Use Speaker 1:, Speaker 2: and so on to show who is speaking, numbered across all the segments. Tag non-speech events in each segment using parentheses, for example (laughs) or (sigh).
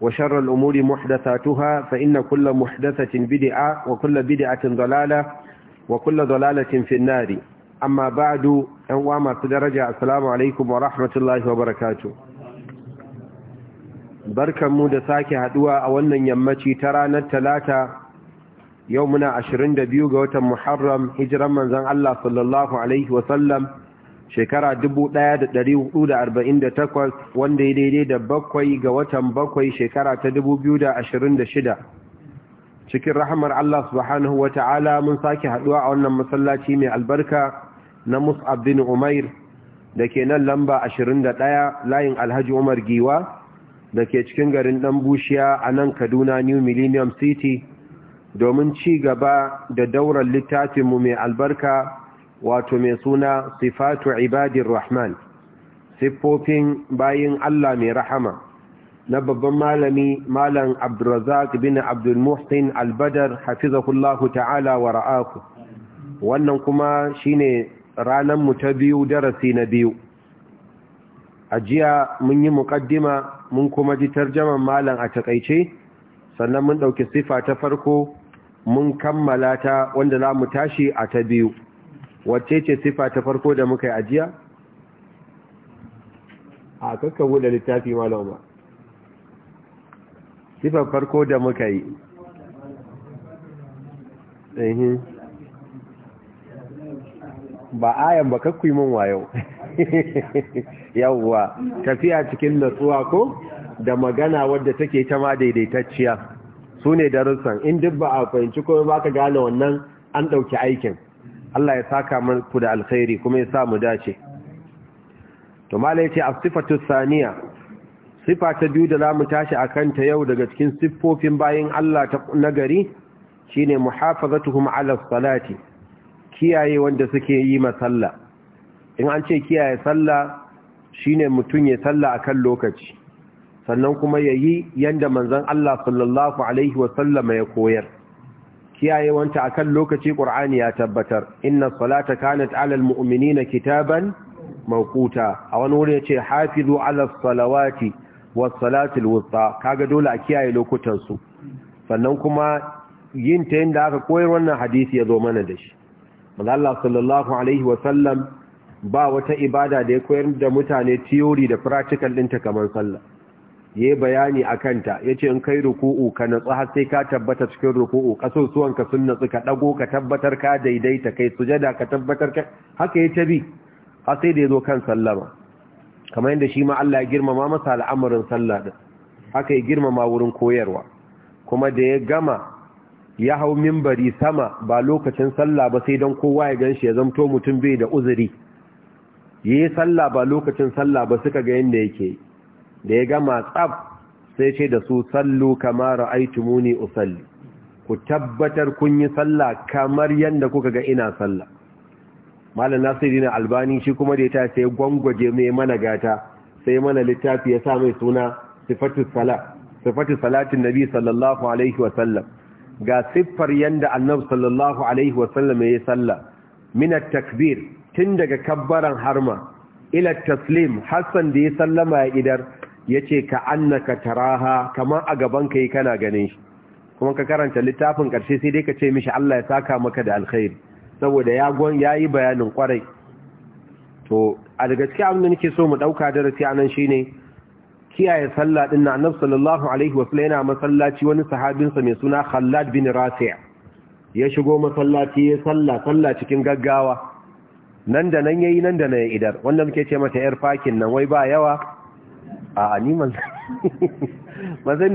Speaker 1: وشر الأمور محدثاتها فإن كل محدثة بدعة وكل بدعة ضلالة وكل ضلالة في النار أما بعد أنواما درجة السلام عليكم ورحمة الله وبركاته بركة مودة ساكي هدوى أولا يمتي ترانا التلاتة يومنا عشرين دبيوغة محرم هجرا من زن الله صلى الله عليه وسلم shekara 1448 wanda ya daidai da bakwai ga watan bakwai shekara ta 2026 cikin rahamar Allah subhanahu wa ta'ala mun sake haduwa a wannan masallaci mai albarka na musabdin Umair da ke nan lamba 21 layin Alhaji Umar Giwa da ke cikin garin ɗan bushiya a nan Kaduna New Millennium City domin ci gaba da dauran littafinmu mai albarka wato mai suna sifatu ibadir rahman siffofin bayin Allah mai rahama na babban malami malam Abdulrazak bin Abdulmuhsin Albadar albadar hafizahullahu ta'ala wa ra'aku wannan kuma shine ranar mu ta biyu darasi na biyu a jiya mun yi muƙaddima mun kuma ji tarjaman malam a takaice sannan mun ɗauki sifa ta farko mun kammala ta wanda za mu tashi a ta biyu wacce ce sifa ta farko da muka yi ajiya a kakka buɗe littafi malama sifar farko da muka yi ba ayan ba kakku yi min wayo (laughs) yawwa tafiya cikin natsuwa ko da magana wadda take ta ma daidaitacciya su ne darussan in duk ba a fahimci ko ba ka gane wannan an ɗauki aikin Allah ya saka muku da alkhairi kuma ya sa mu dace to malai yace as-sifatu thaniya sifa ta biyu da zamu tashi akan ta yau daga cikin siffofin bayin Allah ta nagari shine muhafazatuhum ala salati kiyaye wanda suke yi masalla in an ce kiyaye sallah shine mutun ya salla akan lokaci sannan kuma yayi yanda manzon Allah sallallahu alaihi wasallama ya koyar kiyaye wanta akan lokaci Qur'ani ya tabbatar inna salata kanat ala almu'minina kitaban mawquta a wani wuri yace hafizu ala salawati was salati alwusta kaga dole a kiyaye lokutan su sannan kuma yin ta yanda aka koyar wannan hadisi ya zo mana da shi manzo Allah sallallahu alaihi wa sallam ba wata ibada da ya koyar da mutane theory da practical ɗinta kamar sallah ya yi bayani a kanta ya ce in kai ruku'u ka natsu har sai ka tabbata cikin ruku'u ka sun natsu ka ɗago ka tabbatar ka daidaita kai sujada ka tabbatar ka haka ya bi har sai da ya zo kan sallama kamar yadda shi ma Allah ya girmama masa al'amarin sallah din haka ya girmama wurin koyarwa kuma da ya gama ya hau mimbari sama ba lokacin sallah ba sai don kowa ya gan shi ya zamto mutum bai da uzuri ya yi sallah ba lokacin sallah ba suka ga yadda yake yi da ya gama tsab sai ce da su sallu kama ra'aytumuni usalli ku tabbatar kun yi sallah kamar yadda kuka ga ina sallah malam nasiru na albani shi kuma da ya ta sai gwangwaje mai mana gata sai mana littafi ya sa mai suna sifatu sala sifatu salatin nabi sallallahu alaihi wasallam ga siffar yanda annabi sallallahu alaihi wasallam ya salla min takbir tun daga kabbaran harma ila taslim hassan da ya sallama ya idar Ya ce ka annaka taraha kamar a gaban yi kana ganin shi kuma ka karanta littafin ƙarshe sai dai ka ce mishi Allah ya saka maka da alkhairi saboda ya ya yi bayanin kwarai to a daga cikin abin da nake so mu ɗauka darasi anan ne kiyaye sallah ɗin na annabi sallallahu alaihi wasallam yana masallaci wani sahabinsa mai suna Khallad bin rasi ya shigo masallaci ya sallah sallah cikin gaggawa nan da nan yayi nan da nan ya idar wanda muke ce mata yar fakin nan wai ba yawa a ni manzan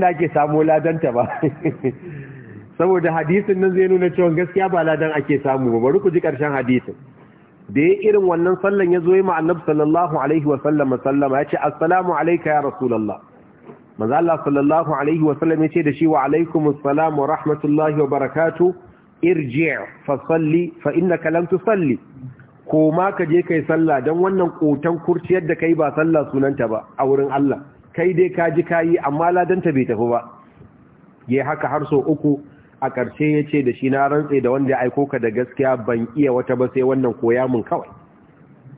Speaker 1: (laughs) da ake samu ladanta ba saboda hadisin nan zai nuna cewa gaskiya ba ladan ake samu ba bari ku ji karshen hadisin da ya irin wannan sallan ya zo yi ma'annab sallallahu alaihi wa sallama sallama ya ce assalamu alaika ya rasulallah maza Allah sallallahu alaihi wa sallam ya ce da shi wa alaikum assalamu rahmatullahi wa barakatu irji' fa salli fa innaka lam tusalli ko ma ka je kai sallah don wannan kotan kurciyar da kai ba sallah sunanta ba a wurin Allah kai dai ka ji kayi amma ladanta bai tafi ba yayi haka har so uku a ƙarshe ya ce da shi na rantse da wanda ya aiko ka da gaskiya ban iya wata ba sai wannan koya mun kawai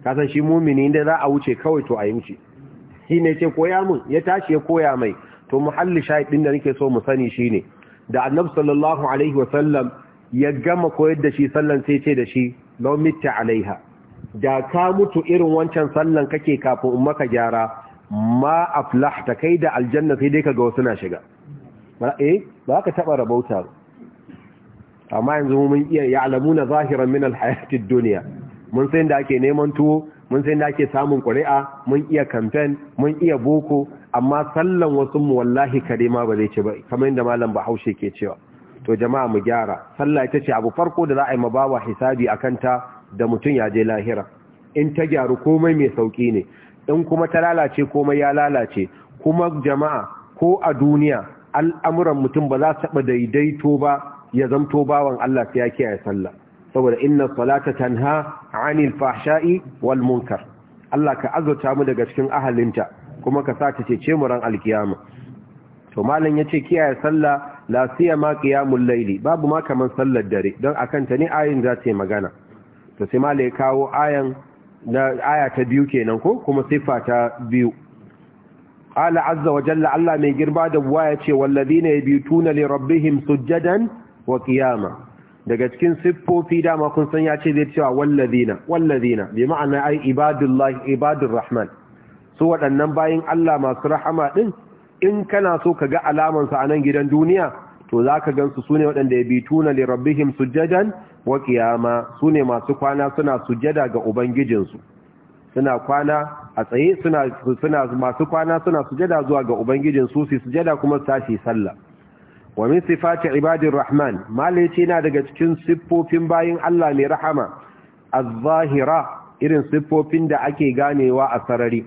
Speaker 1: kasan shi mumini inda za a wuce kawai to a yi wuce shi ne ce koya mun ya tashi ya koya mai to muhalli shahidin da nake so mu sani shi da annabi sallallahu ya gama koyar da shi sallan sai ce da shi law mitta alaiha da ka mutu irin wancan sallan kake kafin umma maka gyara ma ta kai da aljanna sai dai ga wasu na shiga eh ba ka taba rabauta amma yanzu mun iya ya'lamuna zahiran min alhayati duniya dunya mun san da ake neman tuwo mun san da ake samun ƙuri'a mun iya campaign mun iya boko amma sallan wasu mu wallahi karima ba zai ci ba kamar yadda malam Bahaushe ke cewa to jama'a mu gyara sallah ita ce abu farko da za a yi mabawa hisabi a kanta da mutum ya je lahira in ta gyaru komai mai sauki ne in kuma ta lalace komai ya lalace kuma jama'a ko a duniya al'amuran mutum ba za su taɓa daidaito ba ya zamto bawan Allah sai ya kiyaye sallah saboda inna salata tanha 'anil fahsha'i wal munkar Allah ka azurta mu daga cikin ahalinta kuma ka sa ta ce mu ran alkiyama to malam yace kiyaye sallah la siyama qiyamul layli babu ma kaman sallar dare don akan ta ne ayin za ta yi magana to sai ma ya kawo ayan na aya ta biyu kenan ko kuma sifa ta biyu qala azza wa jalla Allah mai girma da buwa yace walladina yabituna li rabbihim sujjadan wa qiyama daga cikin siffofi dama kun san ya ce zai cewa walladina walladina bi ma'ana ai ibadullah ibadur rahman su waɗannan bayin Allah masu rahama din in kana so ka ga alamansu a nan gidan duniya to za ka gansu su ne waɗanda ya bituna li rabbihim sujjadan wa qiyama su masu kwana suna sujjada ga ubangijinsu suna kwana a tsaye suna masu kwana suna sujjada zuwa ga ubangijinsu su sujjada kuma tashi sallah wa min sifati ibadir rahman malaci na daga cikin siffofin bayin Allah mai rahama az-zahira irin siffofin da ake ganewa a sarari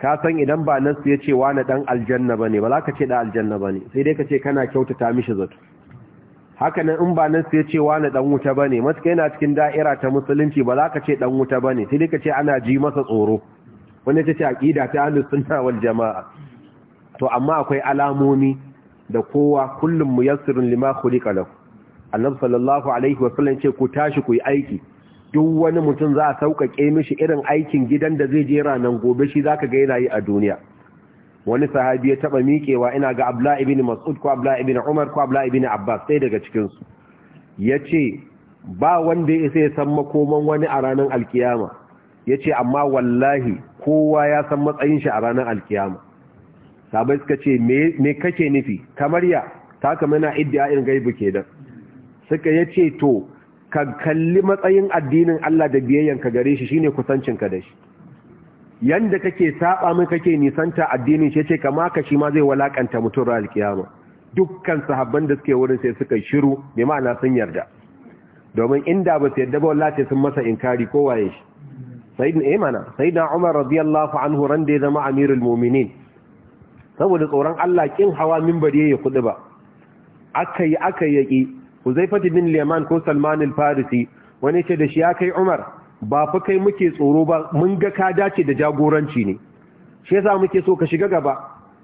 Speaker 1: ka san idan ba nan su ya ce wane dan aljanna ba ne ba za ka ce ɗan aljanna ba ne sai dai ka ce kana kyautata mishi zato haka nan in ba nan su ya ce wane dan wuta ba ne matuka yana cikin da'ira ta musulunci ba za ka ce dan wuta ba ne sai dai ka ce ana ji masa tsoro Wani ta ce aƙida ta ahlus suna wal jama'a to amma akwai alamomi da kowa kullum yassirin lima khuliqa lahu annabi sallallahu alaihi wasallam ce ku tashi ku yi aiki duk wani mutum za a sauƙaƙe mishi irin aikin gidan da zai jera nan gobe shi za ka ga yana yi a duniya wani sahabi ya taɓa miƙewa ina ga abla ibini mas'ud ko abla ibini umar ko abla ibini abbas sai daga cikinsu ya ce ba wanda ya isa ya san makoman wani a ranar alkiyama ya ce amma wallahi kowa ya san matsayin shi a ranar alkiyama sabai suka ce me kake nufi kamar ya ta kama na idda irin gaibu ke da suka ya ce to ka kalli matsayin addinin Allah da biyayyanka gare shi shine kusancinka da shi yanda kake saba mai kake nisanta addinin shi yace kama ka shi ma zai walakanta mutum ra kiyama dukkan sahabban da suke wurin sai suka shiru bai ma'ana sun yarda domin inda ba su yarda ba wallahi sun masa inkari ko waye shi sayyidina imana eh sayyidina umar radiyallahu anhu ran da ya zama amirul mu'minin saboda tsoron Allah kin hawa minbari ya kudu ba aka yi aka yaki Huzaifat bin Liman ko Salman al-Farisi wani ce da shi ya kai Umar ba fa kai muke tsoro ba mun ga ka dace da jagoranci ne shi yasa muke so ka shiga gaba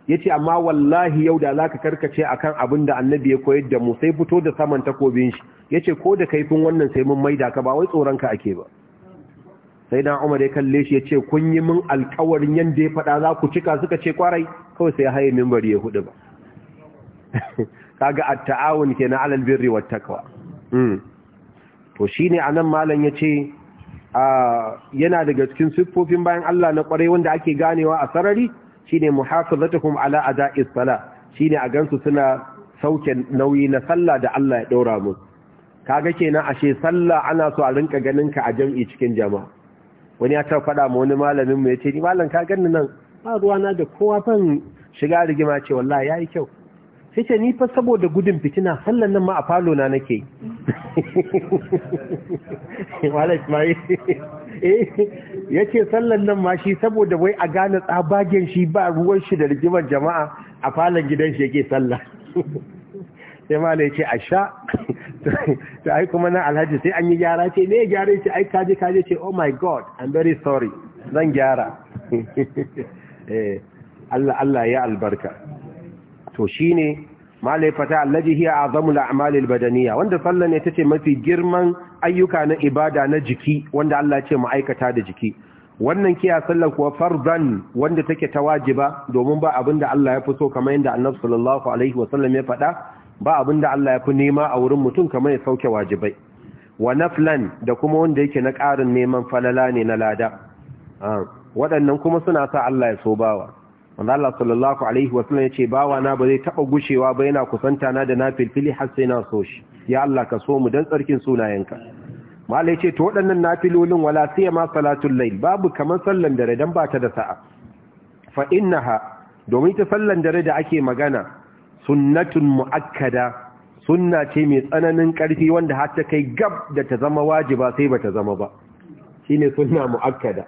Speaker 1: yace amma wallahi yau da zaka karkace akan abin da Annabi ya koyar da mu sai fito da saman takobin shi yace ko da kaifin wannan sai mun maida ka ba wai tsoron ka ake ba sai dan Umar ya kalle shi yace kun yi min alƙawarin yanda ya faɗa za ku cika suka ce kwarai kawai sai haye minbari ya hudu ba (laughs) kaga at-ta'awun kenan alal birri wat taqwa mm to shine anan malam yace ce yana daga cikin siffofin bayan Allah na kwarai wanda ake ganewa a sarari shine muhafazatuhum ala ada'is sala shine a gansu suna sauke nauyi na sallah da Allah ya ɗaura mu kaga kenan ashe sallah ana so a rinka ganin ka a jam'i cikin jama'a wani ya ta faɗa ma wani malamin mu yace ni malam ka ganni nan ba ruwa na da kowa fan shiga rigima ce wallahi yi kyau sai ni fa saboda gudun fitina sallan nan ma a falo na nake wala ismail eh, ya ce sallan nan ma shi saboda wai a gane tsabagen shi ba ruwan shi da rigimar jama'a a falon gidan shi yake salla. sai ma ya ce a sha ta ai kuma na alhaji sai an yi gyara ce ne gyara ce ai kaje kaje ce oh my god i'm very sorry zan gyara (laughs) eh, Allah Allah ya albarka to shine malaifata fata allaji hiya azamul Amalil Badaniya, wanda sallah ne ce mafi girman ayyuka na ibada na jiki wanda Allah ce ma'aikata da jiki wannan kiya sallah kuwa farzan wanda take ta wajiba domin ba da Allah ya fi so kamar yadda Annabi sallallahu alaihi wasallam ya faɗa ba abinda Allah ya fi nema a wurin mutum kamar ya sauke wajibai wa naflan da kuma wanda yake na ƙarin neman falala ne na lada ah, waɗannan kuma suna sa Allah ya so bawa wanda Allah sallallahu alaihi wasallam ya ce bawa na ba zai taba gushewa ba yana kusanta na da na filfili har sai na so shi ya Allah ka so mu dan tsarkin sunayenka mala ya ce to waɗannan nafilolin wala sai ma salatul layl babu kamar sallan dare dan ba ta da sa'a fa innaha domin ta sallan dare da ake magana sunnatun muakkada sunna ce mai tsananin ƙarfi wanda har ta kai gab da ta zama wajiba sai ba ta zama ba shine sunna muakkada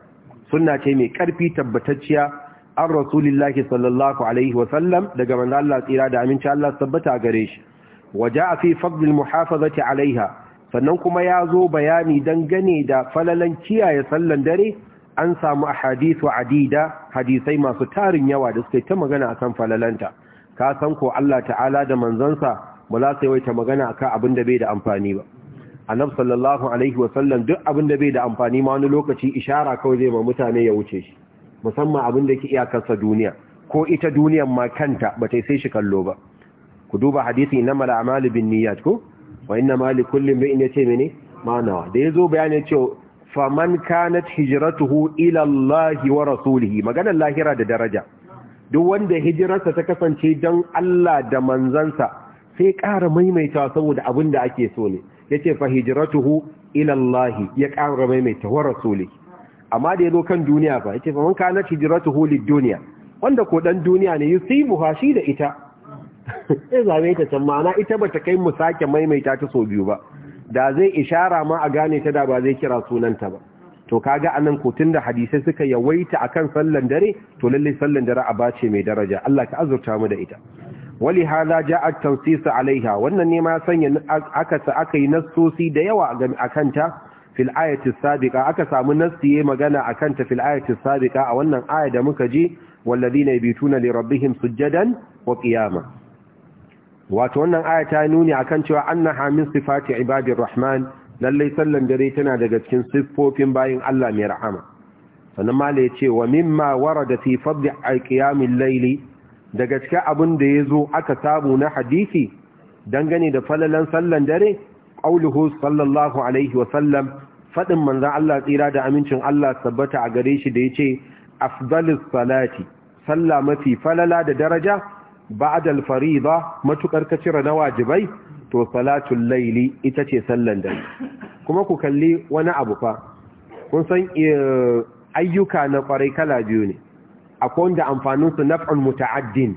Speaker 1: sunna ce mai ƙarfi tabbatacciya an rasulillahi sallallahu alaihi wasallam daga manzo Allah tsira da aminci Allah tabbata gare shi waja fi fadl muhafazati alaiha sannan kuma ya zo bayani dangane da falalan kiyaye sallan dare an samu ahadithu adida hadisai masu tarin yawa da suka ta magana akan falalanta ka san ko Allah ta'ala da manzansa ba za su yawaita magana akan abin da bai da amfani ba annab sallallahu alaihi wasallam duk abin da bai da amfani ma wani lokaci ishara kawai zai ma mutane ya wuce shi musamman abin da yake iyakarsa duniya ko ita duniyan ma kanta ba ta sai shi kallo ba ku duba hadisi na mala amali bin niyyat ko wa inna mali kullum bi in yace mene ma'anawa da yazo bayanin cewa man kanat hijratuhu ila Allah wa rasulihi maganar lahira da daraja duk wanda hijirarsa ta kasance don Allah da manzansa sai ƙara maimaita saboda abin da ake so ne yace ce fa hijiratuhu ilallahi ya ƙara maimaita wa rasuli amma da ya zo kan duniya ba yace fa man kana tijratu hulid duniya wanda ko dan duniya ne yusibu hashi da ita sai (laughs) zame ta can ma'ana ita bata kai mu sake maimaita ta so biyu ba da zai ishara ma a gane ta da ba zai kira sunanta ba to kaga anan ko tunda hadisai suka yawaita akan sallan dare to lalle sallan dare a bace mai daraja Allah ka azurta mu da ita wali hala ja'a tansis alaiha wannan ne ma sanya aka sa aka yi nassosi da yawa akan ta fil ayati aka samu nasiye magana akan ta fil ayati a wannan aya da muka ji walladhina yabituna li rabbihim sujjadan wa qiyama wato wannan aya ta nuni akan cewa anna min sifati ibadir rahman lallai sallan dare tana daga cikin siffofin bayin Allah mai rahama sannan mala ya ce wa da warada fi fadli alqiyamil layli daga cikin abin da zo aka samu na hadisi dangane da falalan sallan dare qauluhu sallallahu faɗin manzan Allah tsira da amincin Allah sabbata a gare shi da ya ce Afdalis salati sallah mafi falala da daraja ba'adal al ba matuƙar kacira na wajibai to salatun laili ita ce sallan da. kuma ku kalli wani abu fa kun san eh, ayyuka na ƙwarai kala biyu ne akwai wanda amfanin su muta'addin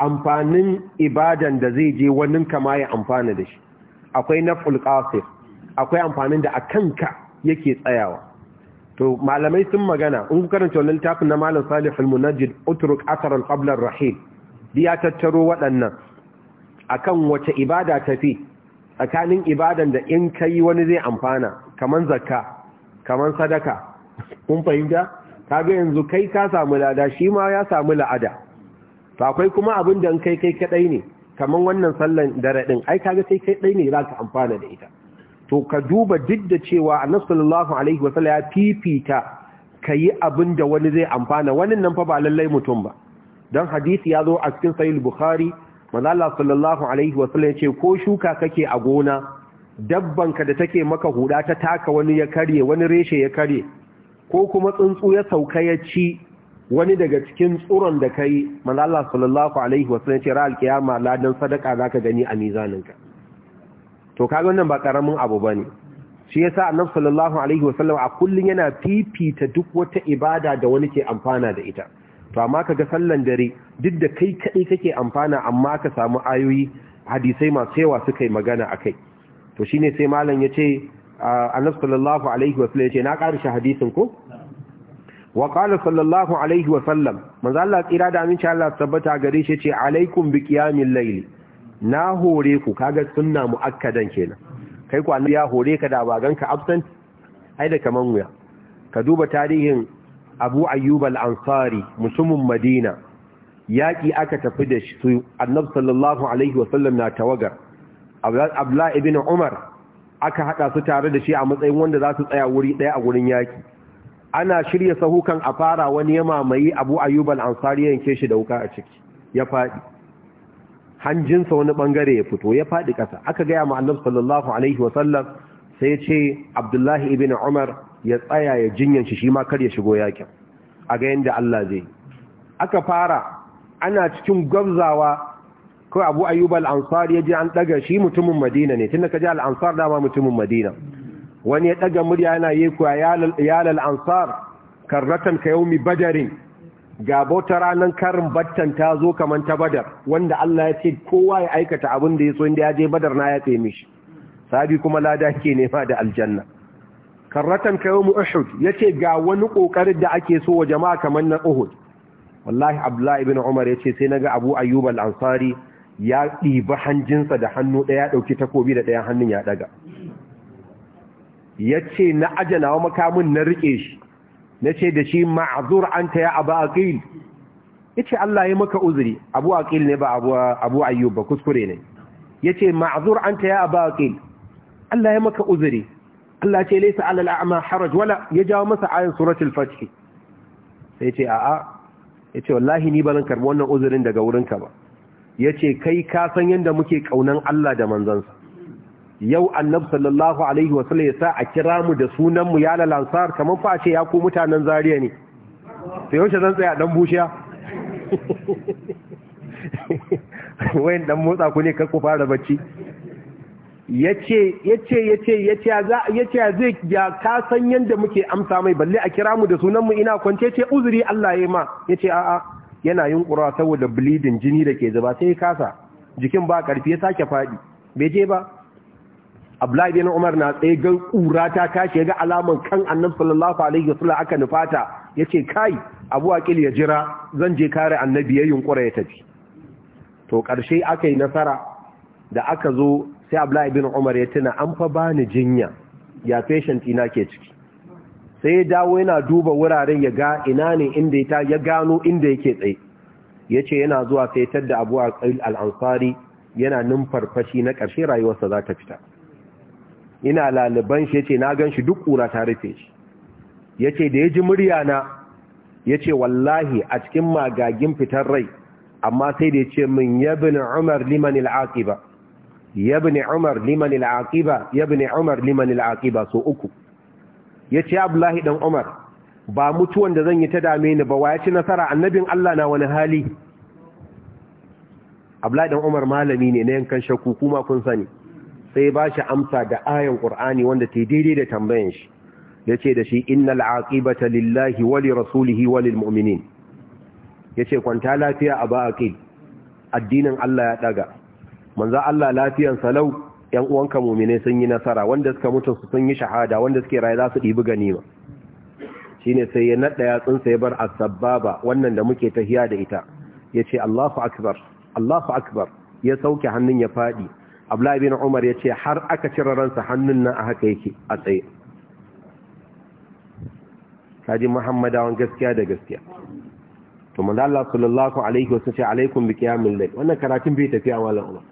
Speaker 1: amfanin ibadan da zai je wani kama ya amfana da shi akwai naf'ul ƙulƙasir, akwai amfanin da a ka yake tsayawa to malamai sun magana in ku karanta wannan littafin na malam salih al-munajjid utruk asaran qabla ar-rahil ya tattaro waɗannan akan wace ibada tafi tsakanin ibadan da in kai wani zai amfana kaman zakka kaman sadaka kun fahimta kaga yanzu kai ka samu lada shi ma ya samu la'ada to akwai kuma abin da in kai kai kadai ne kaman wannan sallan dare din ai kaga sai kai kadai ne zaka amfana da ita to ka duba duk da cewa annabi sallallahu alaihi ya fifita kayi abin da wani zai amfana wannan nan fa ba lallai mutum ba don hadisi ya zo a cikin sahih bukhari manzo Allah sallallahu alaihi ya ce ko shuka kake a gona dabbanka da take maka huda ta taka wani ya karye wani reshe ya karye ko kuma tsuntsu ya sauka ya ci wani daga cikin tsuron da kai manzo Allah sallallahu alaihi wasallam ya ce ra kiyama ladan sadaka zaka gani a mizaninka to kaga wannan ba karamin abu bane shi yasa annabi sallallahu alaihi wasallam a kullun yana fifita duk wata ibada da wani ke amfana da ita to amma kaga sallan dare duk da kai kadai kake amfana amma ka samu ayoyi hadisai masu yawa suka yi magana akai to shine sai malam yace annabi sallallahu alaihi wasallam yace na karshe hadisin ko wa qala sallallahu alaihi wasallam manzo Allah tsira da aminci Allah tabbata gare shi yace alaikum bi qiyamil na hore ku kaga sunna muakkadan kenan kai ku annabi ya hore ka da baganka absent ai da kaman wuya ka duba tarihin Abu Ayyub al-Ansari mutumin Madina yaki aka tafi da shi annabi sallallahu alaihi wasallam na tawagar Abdullah ibn Umar aka hada su tare da shi a matsayin wanda za su tsaya wuri daya a gurin yaki ana shirya sahukan a fara wani ya mamaye Abu Ayyub al-Ansari yanke shi da wuka a ciki ya fadi hanjinsa wani bangare ya fito ya fadi kasa. aka gaya ma annabi sallallahu alaihi wasallam sai ce abdullahi ibn umar ya tsaya ya jinyan shi shi ma kar ya shigo yakin a ga yanda Allah zai aka fara ana cikin gwabzawa ko abu ayyub al ansar ya ji an daga shi mutumin madina ne tunda ka al-ansar dama mutumin madina wani ya daga murya yana yekuwa ya al ansar karratan ka yaumi badarin ga bauta ranar karin battan ta zo kamar ta badar wanda Allah ya ce kowa ya aikata abin da ya so inda ya je badar na ya tsaye mishi sabi kuma lada ke nema da aljanna karratan kayo mu uhud ya ce ga wani kokarin da ake so wa jama'a kamar na uhud wallahi abdullahi ibn umar ya ce sai na ga abu ayyub al-ansari ya ɗiba hanjinsa da hannu ɗaya ya ɗauki takobi da ɗayan hannun ya ɗaga ya ce na wa makamin na riƙe shi na ce da shi ma'azur an ta ya abu aqil ya ce Allah ya maka uzuri abu aqil ne ba abu ayyub ba kuskure ne ya ce ma'azur an ta ya abu aqil Allah ya maka uzuri Allah ce laisa alal a'ma haraj wala ya jawo masa ayin suratul fath sai ce a'a ya ce wallahi ni balan karbi wannan uzurin daga wurinka ba ya ce kai ka san yadda muke kaunan Allah da manzansa yau annab sallallahu alaihi wasallam ya sa a kira mu da sunan mu ya lalansar kamar fa ce ya ku mutanen zariya ne sai yau zan tsaya dan bushiya (laughs) wayan dan motsa ku ne kar ku fara bacci yace yace yace yace za yace zai ya ka san yanda muke amsa mai balle a kira mu da sunan mu ina kwance ce uzuri Allah yayi ma yace a'a yana yunkura saboda bleeding jini da ke zuba sai ya kasa jikin ba karfi ya sake fadi bai je ba Abdullahi bin Umar na tsaye ga kura ta tashi ga alaman kan Annabi sallallahu alaihi wasallam aka nufata yace kai Abu Aqil ya jira zan je kare Annabi ya yunkura ya tafi to karshe aka yi nasara da aka zo sai Abdullahi bin Umar ya tuna an fa bani jinya ya patient ina ke ciki sai ya dawo yana duba wuraren ya ga ina ne inda ya ya gano inda yake tsaye yace yana zuwa sai da Abu Aqil al-Ansari yana numfarfashi na karshe rayuwarsa za ta fita ina laliban shi yace na gan shi duk kura ta rufe shi yace da yaji murya na yace wallahi a cikin magagin fitar rai amma sai da yace min yabn umar liman al-aqiba yabn umar liman al-aqiba yabn umar liman al-aqiba so uku yace abdullahi dan umar ba mutuwan da zan yi ta dame ni ba wa yace nasara annabin Allah na wani hali abdullahi dan umar malami ne na yankan shakku kuma kun sani sai ba shi amsa da ayan ƙur'ani wanda ta daidai da tambayan shi ya ce da shi innal aqibata lillahi wali rasulihi wali mu'minin ya ce kwanta lafiya a ba aqil addinin Allah ya ɗaga manza Allah lafiyan salau yan uwanka muminai sun yi nasara wanda suka mutu sun yi shahada wanda suke raye za su dibi ganima shine sai ya naɗa yatsun sa ya bar as-sababa wannan da muke tahiya da ita yace Allahu akbar Allahu akbar ya sauke hannun ya faɗi. abdullahi bin umar ya ce har aka cire ransa hannun nan a haka yake a tsaye kaji muhammadawan gaskiya da gaskiya to manzo Allah sallallahu alaihi wasallam ce alaikum bi qiyamil layl wannan karatun bai tafiya wala umar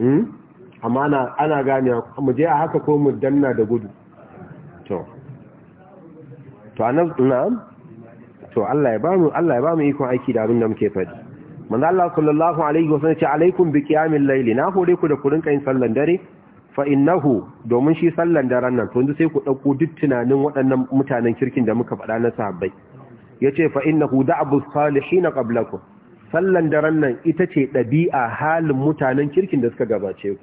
Speaker 1: hmm amma ana ana gane mu je a haka ko mu danna da gudu to to anan na'am to Allah ya bamu Allah ya bamu ikon aiki da abin da muke fadi. manzo Allah sallallahu alaihi wasallam ce alaikum bi qiyamil layli na hore ku da ku rinka yin sallan dare fa innahu domin shi sallan daren nan to sai ku dauko duk tunanin waɗannan mutanen kirkin da muka faɗa na sahabbai yace fa innahu da'bu salihin qablakum sallan daren nan ita ce dabi'a halin mutanen kirkin da suka gabace ku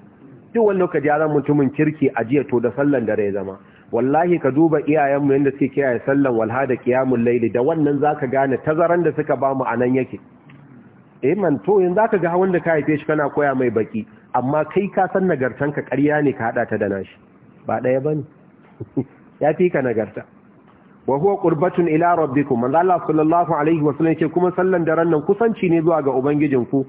Speaker 1: duk wani lokaci ya mutumin kirki a jiya to da sallan dare ya zama wallahi ka duba iyayenmu yadda suke kiyaye sallan walha da qiyamul layli da wannan zaka gane tazaran da suka bamu anan yake eh man to yanzu ka ga hawan da ka haife shi kana koya mai baki amma kai ka san nagartanka ƙarya ne ka haɗa ta da nashi ba ɗaya ba ne (laughs) ya fi ka nagarta wa huwa qurbatun ila rabbikum manzo Allah sallallahu alaihi wa sallam kuma sallan daren nan kusanci ne zuwa ga ubangijinku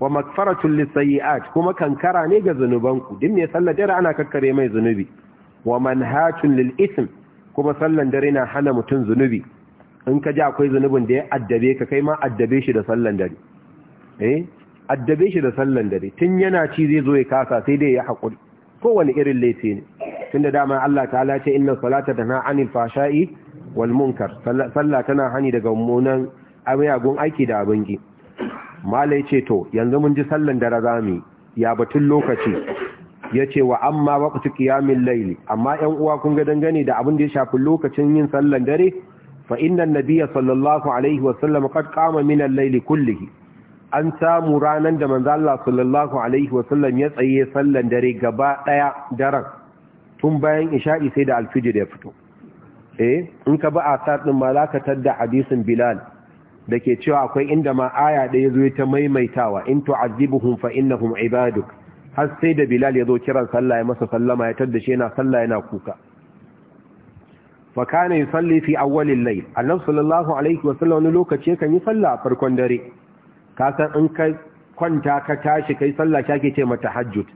Speaker 1: wa magfaratun lisayi'at kuma kankara ne ga zunubanku din me sallar dare ana kakkare mai zunubi wa manhatun lil kuma sallan dare na hana mutum zunubi in ka ji akwai zunubin da ya addabe ka kai ma addabe shi da sallan dare eh addabe shi da sallan dare tun yana ci zai zo ya kasa sai dai ya haƙuri kowane irin laifi ne tunda dama Allah ta'ala ce inna salata tana anil fashai wal munkar sallah tana hani daga mummunan amiyagun aiki da abin gi malai ce to yanzu mun ji sallan dare zamu ya batun lokaci yace wa amma waqtu qiyamil layli amma 'yan uwa kun ga dangane da abin da ya shafi lokacin yin sallan dare fa inna nabiyya sallallahu alaihi wa sallam qad qama min al-layli kullihi an samu ranar da manzo Allah sallallahu alaihi wasallam ya tsaye sallan dare gaba daya daren tun bayan isha'i sai da alfijir ya fito eh in ka ba a din malakatar da hadisin bilal dake cewa akwai inda ma aya daya zo ta maimaitawa in tu'azibuhum fa innahum ibaduk har sai da bilal ya zo kiran sallah ya masa sallama ya tadda shi yana sallah yana kuka fa kana yusalli fi awwalil layl annabi sallallahu alaihi wasallam wani lokaci kan yi sallah a farkon dare ka san in ka kwanta ka tashi kai sallah ke ce mata hajjut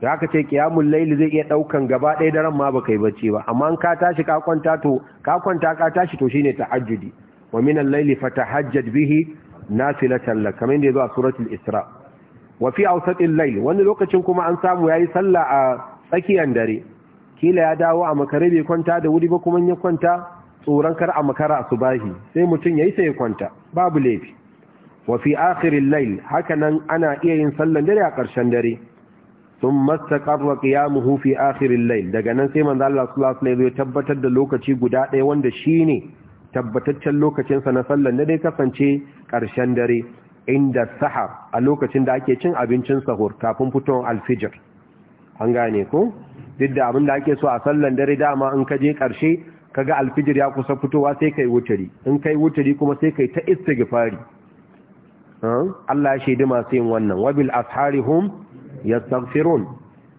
Speaker 1: da aka ce kiyamun laili zai iya ɗaukan gaba ɗaya daren ma baka yi bacci ba amma in ka tashi ka kwanta to ka kwanta ka tashi to shine tahajjudi wa min al fa tahajjad bihi nafilatan lak kamar yadda zuwa suratul isra wa fi awsatil layl wani lokacin kuma an samu yayi sallah a tsakiyar dare kila ya dawo a makare bai kwanta da wuri ba kuma ya kwanta tsoron kar a makara a subahi sai mutum yayi sai ya kwanta babu laifi wa fi akhirin lail haka nan ana iya yin sallan dare a ƙarshen dare sun masta mastaqarra qiyamuhu hufi akirin lail daga nan sai manzo Allah sallallahu alaihi wasallam ya tabbatar da lokaci guda ɗaya wanda shine tabbataccen lokacinsa na sallan dare kasance ƙarshen dare inda sahar a lokacin da ake cin abincin sahur kafin fitowar alfijir an gane ko duk da abin da ake so a sallan dare dama in ka je ƙarshe kaga alfijir ya kusa fitowa sai kai wutari in kai wutari kuma sai kai ta istighfari Allah shi dima su yin wannan wabil asharihum yastaghfirun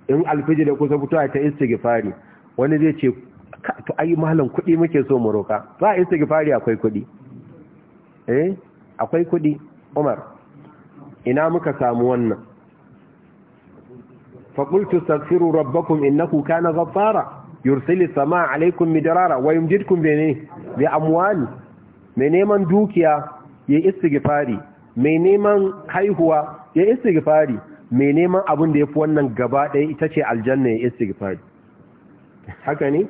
Speaker 1: in alfiji da kusa fitowa ta istighfari wani zai ce to ayi mahallin kudi muke so mu roka ba istighfari akwai kudi eh akwai kudi Umar ina muka samu wannan fa qultu astaghfiru rabbakum innahu kana ghaffara yursilu samaa alaykum midrara wa yumjidkum bi amwali mai neman dukiya ya istighfari mai neman haihuwa ya istighfari mai neman abin da ya fi wannan gaba ɗaya ita ce aljanna ya istighfari haka ne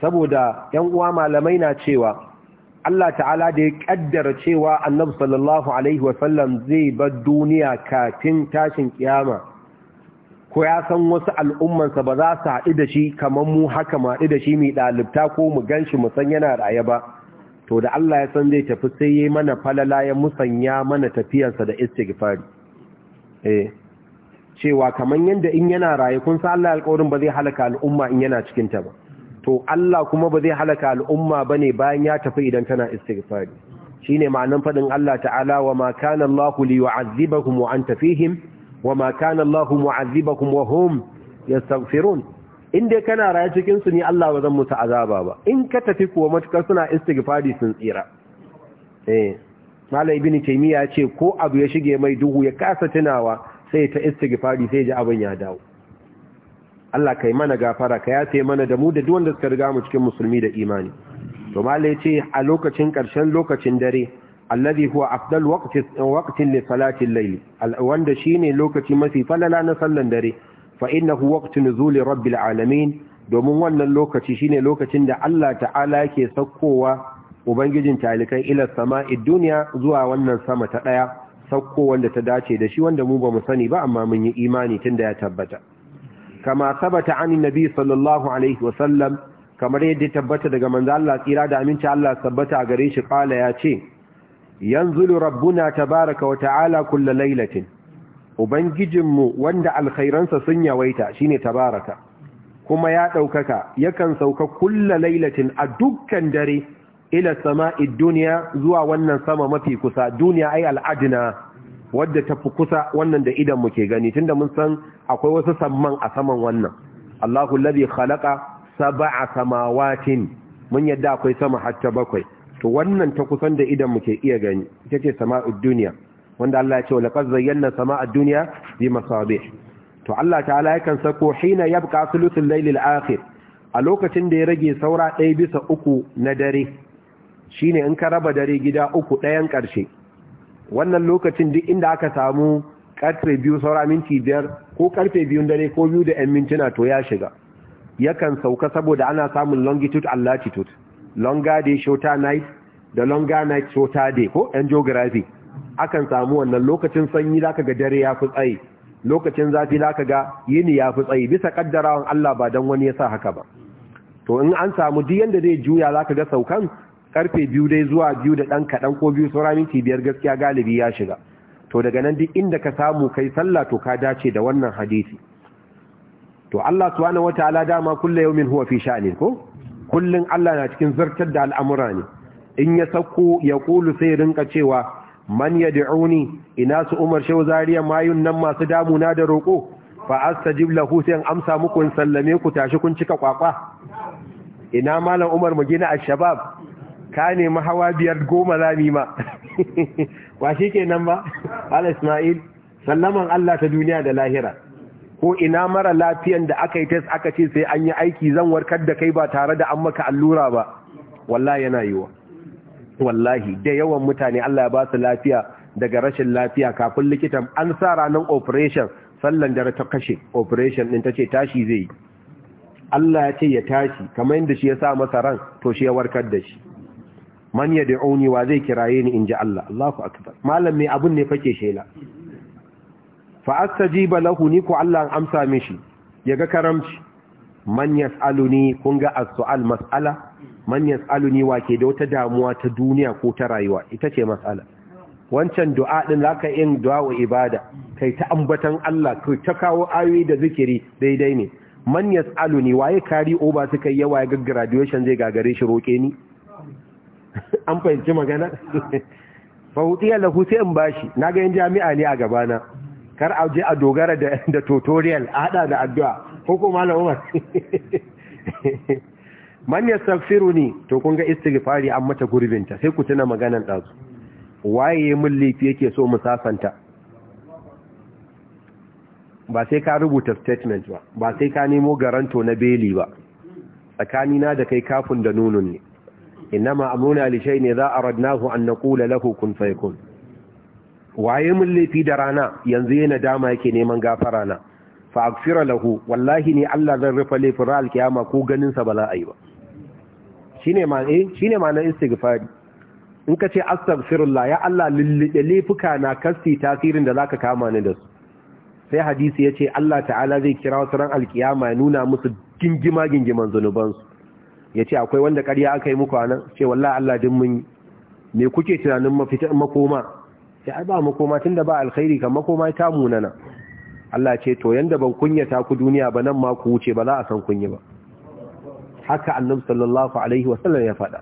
Speaker 1: saboda yan uwa malamai na cewa Allah ta'ala da ya kaddara cewa annabi sallallahu alaihi wasallam zai bar duniya kafin tashin kiyama ko ya san wasu al'ummansa ba za su haɗu da shi kamar mu haka ma haɗu da shi mai ɗalibta ko mu gan shi musan yana raye ba to da Allah ya san zai tafi sai yi mana falala ya musanya mana tafiyarsa da istighfari eh cewa kamar yadda in yana raye kun san Allah alƙawarin ba zai halaka al'umma in yana cikin ta ba to Allah kuma ba zai halaka al'umma bane bayan ya tafi idan tana istighfari shine ma'anan fadin Allah ta'ala wa ma kana Allah li yu'azzibakum wa anta fihim wa ma kana Allah mu'azzibakum wa hum yastaghfirun in dai kana raye cikin su ne Allah ba zan musu azaba ba in ka tafi kuwa matukar suna istighfari sun tsira eh malai ibn taymiya ce ko abu ya shige mai duhu ya kasa tunawa sai ta istighfari sai ji abin ya dawo Allah kai mana gafara ka yace mana da mu da duk wanda suka riga mu cikin musulmi da imani to malai ce a lokacin karshen lokacin dare alladhi huwa afdal waqti waqti li salati al-layl wanda shine lokaci mafi falala na sallan dare fa innahu waqtu nuzuli rabbil domin wannan lokaci shine lokacin da Allah ta'ala yake sakkowa ubangijin talikai ila sama'id, dunya zuwa wannan sama ta daya sakko wanda ta dace da shi wanda mu bamu sani ba amma mun yi imani tunda ya tabbata kama sabata anin nabi sallallahu alaihi wasallam kamar yadda tabbata daga manzo Allah tsira da aminci Allah tabbata gare shi kala ya ce yanzulu rabbuna tabaaraka wa ta'ala kullu lailatin ubangijinmu wanda alkhairansa sun yawaita shine tabaraka kuma ya ɗaukaka yakan sauka kulla lailatin a dukkan dare ila sama'i duniya zuwa wannan sama mafi kusa duniya ai al'adina wadda ta fi kusa wannan da idan muke gani tunda mun san akwai wasu samman a saman wannan Allahu alladhi khalaka sab'a samawatin mun yadda akwai sama hatta bakwai to wannan ta kusan da idan muke iya gani ita ce sama'ud duniya wanda Allah ya ce laqad zayyana sama'a ad-dunya bi masabih to Allah ta'ala yakan sako hina yabqa thuluthul layl al-akhir a lokacin da ya rage saura ɗaya bisa uku na dare shine in ka raba dare gida uku ɗayan karshe wannan lokacin duk inda aka samu karfe biyu saura minti biyar ko karfe biyun dare ko biyu da 'yan mintuna to ya shiga yakan sauka saboda ana samun longitude and latitude longer day shorter night da longer night shorter day ko en geography akan samu wannan lokacin sanyi zaka ga dare ya fi tsayi lokacin zafi zaka ga yini ya fi tsayi bisa kaddarawan Allah ba dan wani ya sa haka ba to in an samu duk yanda zai juya zaka ga saukan karfe biyu dai zuwa biyu da ɗan kaɗan ko biyu saura minti biyar gaskiya galibi ya shiga to daga nan duk inda ka samu kai sallah to ka dace da wannan hadisi to Allah wata ala dama kullu yawmin huwa fi sha'nin ko kullun Allah na cikin zartar da al'amura ne in ya sauko ya kulu sai rinka cewa man ya da'uni ina su Umar Shehu Zariya mayun nan masu damuna da roƙo fa jibla lahu sai amsa muku in sallame ku tashi kun cika kwakwa ina malam Umar mu gina ashabab ka ne mahawa biyar goma zami ma (laughs) wa shi ke nan ba ala Ismail sallaman Allah ta duniya da lahira ko ina mara lafiyan da aka yi test aka ce sai an yi aiki zan warkar da kai ba tare da an maka allura ba wallahi yana yiwa wallahi da yawan mutane Allah ya ba su lafiya daga rashin lafiya kafin likitan an sa ranar operation sallan dare ta kashe operation din tace tashi zai Allah ya ce ya tashi kamar yadda shi ya sa masa ran to shi ya warkar da shi man yad'uni wa zai kiraye ni inji Allah Allahu akbar malam mai abun ne fake shela fa astajiba lahu ni ku Allah an amsa mishi yaga karamci man yas'aluni kun ga as-su'al mas'ala man yas'aluni wa ke da wata damuwa ta duniya ko ta rayuwa ita ce matsala wancan du'a din zaka yin du'a wa ibada kai ta ambatan Allah kai ta kawo ayoyi da zikiri daidai ne man wa ya kari oba suka yi yawa ga graduation zai gagare shi roke ni (laughs) an fahimci magana (laughs) fa hutiya lahu sai in bashi naga yan jami'a ne a gabana kar a je a dogara da tutorial a hada da addu'a ko kuma Umar (laughs) man ne. to kun ga istighfari an mata gurbinta sai ku tuna maganan dazu waye mun lifi yake so mu ba sai ka rubuta statement ba ba sai ka nemo garanto na beli ba tsakani na da kai kafin da nunun ne innama amruna li za a radnahu an naqula lahu kun fayakun waye mun laifi da rana yanzu yana dama yake neman gafara na fa aghfira lahu wallahi ne Allah zan rufa ra'al alkiyama ko ganin sa ba za a yi ba shine ma eh shine ma na istighfari in ka ce astaghfirullah ya Allah lilliɗe laifuka na kasti tasirin da zaka kama ni da su sai hadisi ya ce Allah ta'ala zai kira wasu ran alkiyama ya nuna musu gingima gingiman zunubansu ya ce akwai wanda ƙarya aka yi muku anan ce wallahi Allah din mun me kuke tunanin mafita makoma sai ai ba makoma tunda ba alkhairi kan makoma ta munana Allah ce to yanda ban kunyata ku duniya ba nan ma ku wuce ba za a san kunyi ba haka annabi sallallahu alaihi wasallam ya faɗa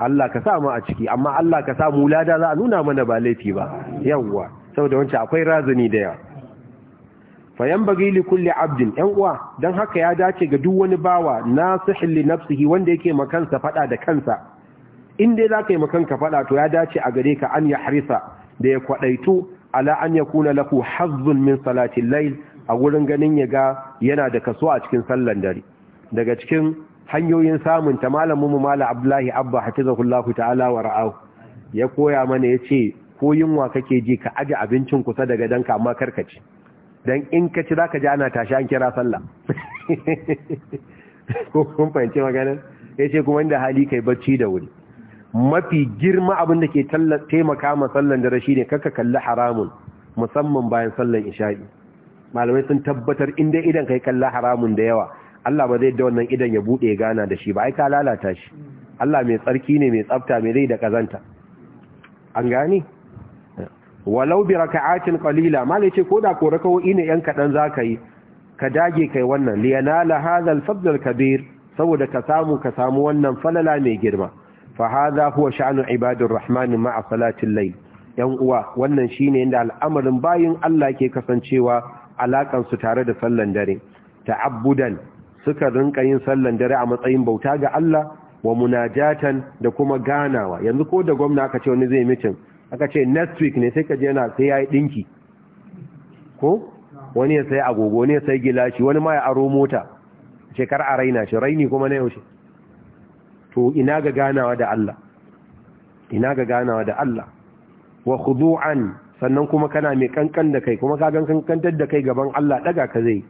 Speaker 1: Allah ka sa mu a ciki amma Allah ka sa mu lada za a nuna mana ba laifi ba yawwa saboda wancan akwai razani da yawa fayan bagi li kulli abdin yan uwa dan haka ya dace ga duk wani bawa nasihi li nafsihi wanda yake makansa fada da kansa in dai zaka yi makanka fada to ya dace a gare ka an ya harisa da ya kwadaitu ala an yakuna lahu hazzun min salati layl a wurin ganin ya ga yana da kaso a cikin sallan dare daga cikin hanyoyin samun ta malamin mu mala abdullahi abba hafizahullahu ta'ala wa ra'ahu ya koya mana yace ko yunwa kake ji ka aje abincin kusa daga danka amma karkace dan in ka ci zaka ji ana tashi an kira sallah (laughs) ko kun fahimci Ya yace kuma inda hali kai bacci da wuri mafi girma abin da ke taimaka ma sallan dare shine kaka kalli haramun musamman bayan sallan isha'i malamai sun tabbatar inda idan kai kalli haramun da yawa Allah ba zai da wannan idan ya bude gana da shi ba ai ka lalata shi Allah mai tsarki ne mai tsafta mai rai da kazanta an gani? walau bi raka'atin qalila ma yace koda ko raka'o'i ne yan kadan zaka yi ka dage kai wannan li yanala hadha fadl kabir saboda ka samu ka samu wannan falala mai girma fa hadha huwa sha'nu ibadur rahman ma'a salati al-layl yan uwa wannan shine inda al'amarin bayin Allah ke kasancewa alakan su tare da sallan dare ta'abbudan suka rinka yin sallan dare a matsayin bauta ga Allah wa munajatan da kuma ganawa yanzu ko da gwamna aka ce wani zai mitin aka ce next week ne sai ka je yana sai yayi dinki ko wani ya sai agogo ne ya sai gilashi wani ma ya aro mota ce kar a raina shi raini kuma na yaushe to ina ga ganawa da Allah ina ga ganawa da Allah wa khudu'an sannan kuma kana mai kankan da kai kuma ka gan kankantar da kai gaban Allah daga ka zai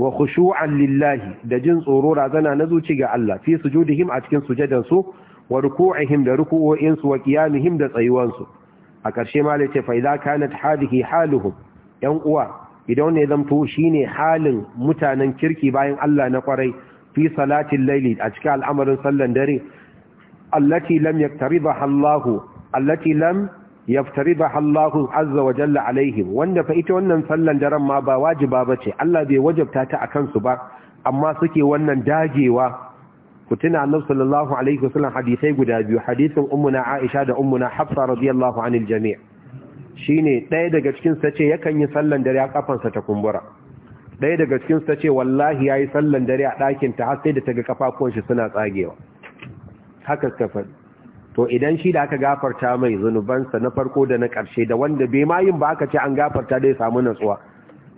Speaker 1: wa khushu'an lillahi da jin tsoro razana na zuci ga Allah fi sujudihim a cikin sujadansu wa ruku'ihim da ruku'o'insu wa qiyamihim da tsayuwansu a ƙarshe ma ce fa idza kanat hadhihi haluhum yan uwa idan ne zamto shine halin mutanen kirki bayan Allah na kwarai fi salatin layli a cikin al'amarin sallan dare allati lam yaktaribha Allah allati lam yaftaridaha Allahu azza wa jalla alaihim wanda fa ita wannan sallan daren ma ba wajiba bace Allah bai wajabta ta akan su ba amma suke wannan dagewa ku tuna annabi sallallahu alaihi wasallam hadisi guda biyu hadisin ummuna Aisha da ummuna Hafsa radiyallahu anil jami' shine ɗaya daga cikin sa tace yakan yi sallan dare a kafansa ta kumbura ɗaya daga cikin sa tace wallahi yayi sallan dare a dakin ta har sai da taga kafafuwan shi suna tsagewa haka suka to idan shi da aka gafarta mai zunubansa na farko da na ƙarshe da wanda bai ma yin ba aka ce an gafarta da ya samu natsuwa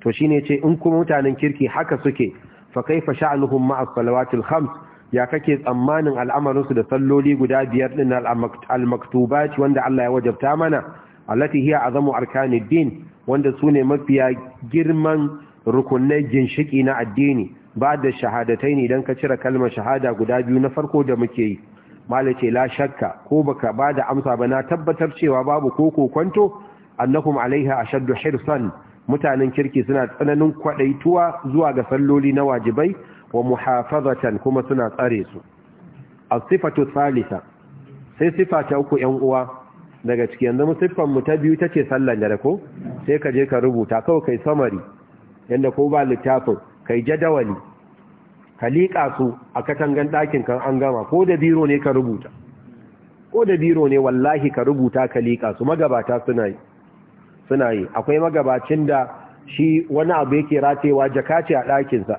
Speaker 1: to shi ne ce in kuma mutanen kirki haka suke fa kaifa sha'anuhum ma'a salawatul khams ya kake tsammanin al'amarin da salloli guda biyar din al-maktubat wanda Allah ya wajabta mana allati hiya azamu arkanid din wanda sune mafiya girman rukunai ginshiki na addini ba da shahadatai ne idan ka cire kalmar shahada guda biyu na farko da muke yi malai ce la shakka ko baka ba da amsa ba na tabbatar cewa babu ko kwanto annakum alaiha ashaddu hirsan mutanen kirki suna tsananin kwadaituwa zuwa ga salloli na wajibai wa muhafazatan kuma suna tsare su as-sifatu thalitha sai sifa ta uku yan uwa daga ciki yanzu siffan mu ta biyu tace sallan da ko sai ka je ka rubuta kawai kai samari yanda ko ba littafin kai jadawali ka liƙa su a katangan ɗakin kan an gama ko da biro ne ka rubuta ko da biro ne wallahi ka rubuta ka liƙa su magabata suna yi suna yi akwai magabacin da shi wani abu yake ratewa jaka ce a ɗakinsa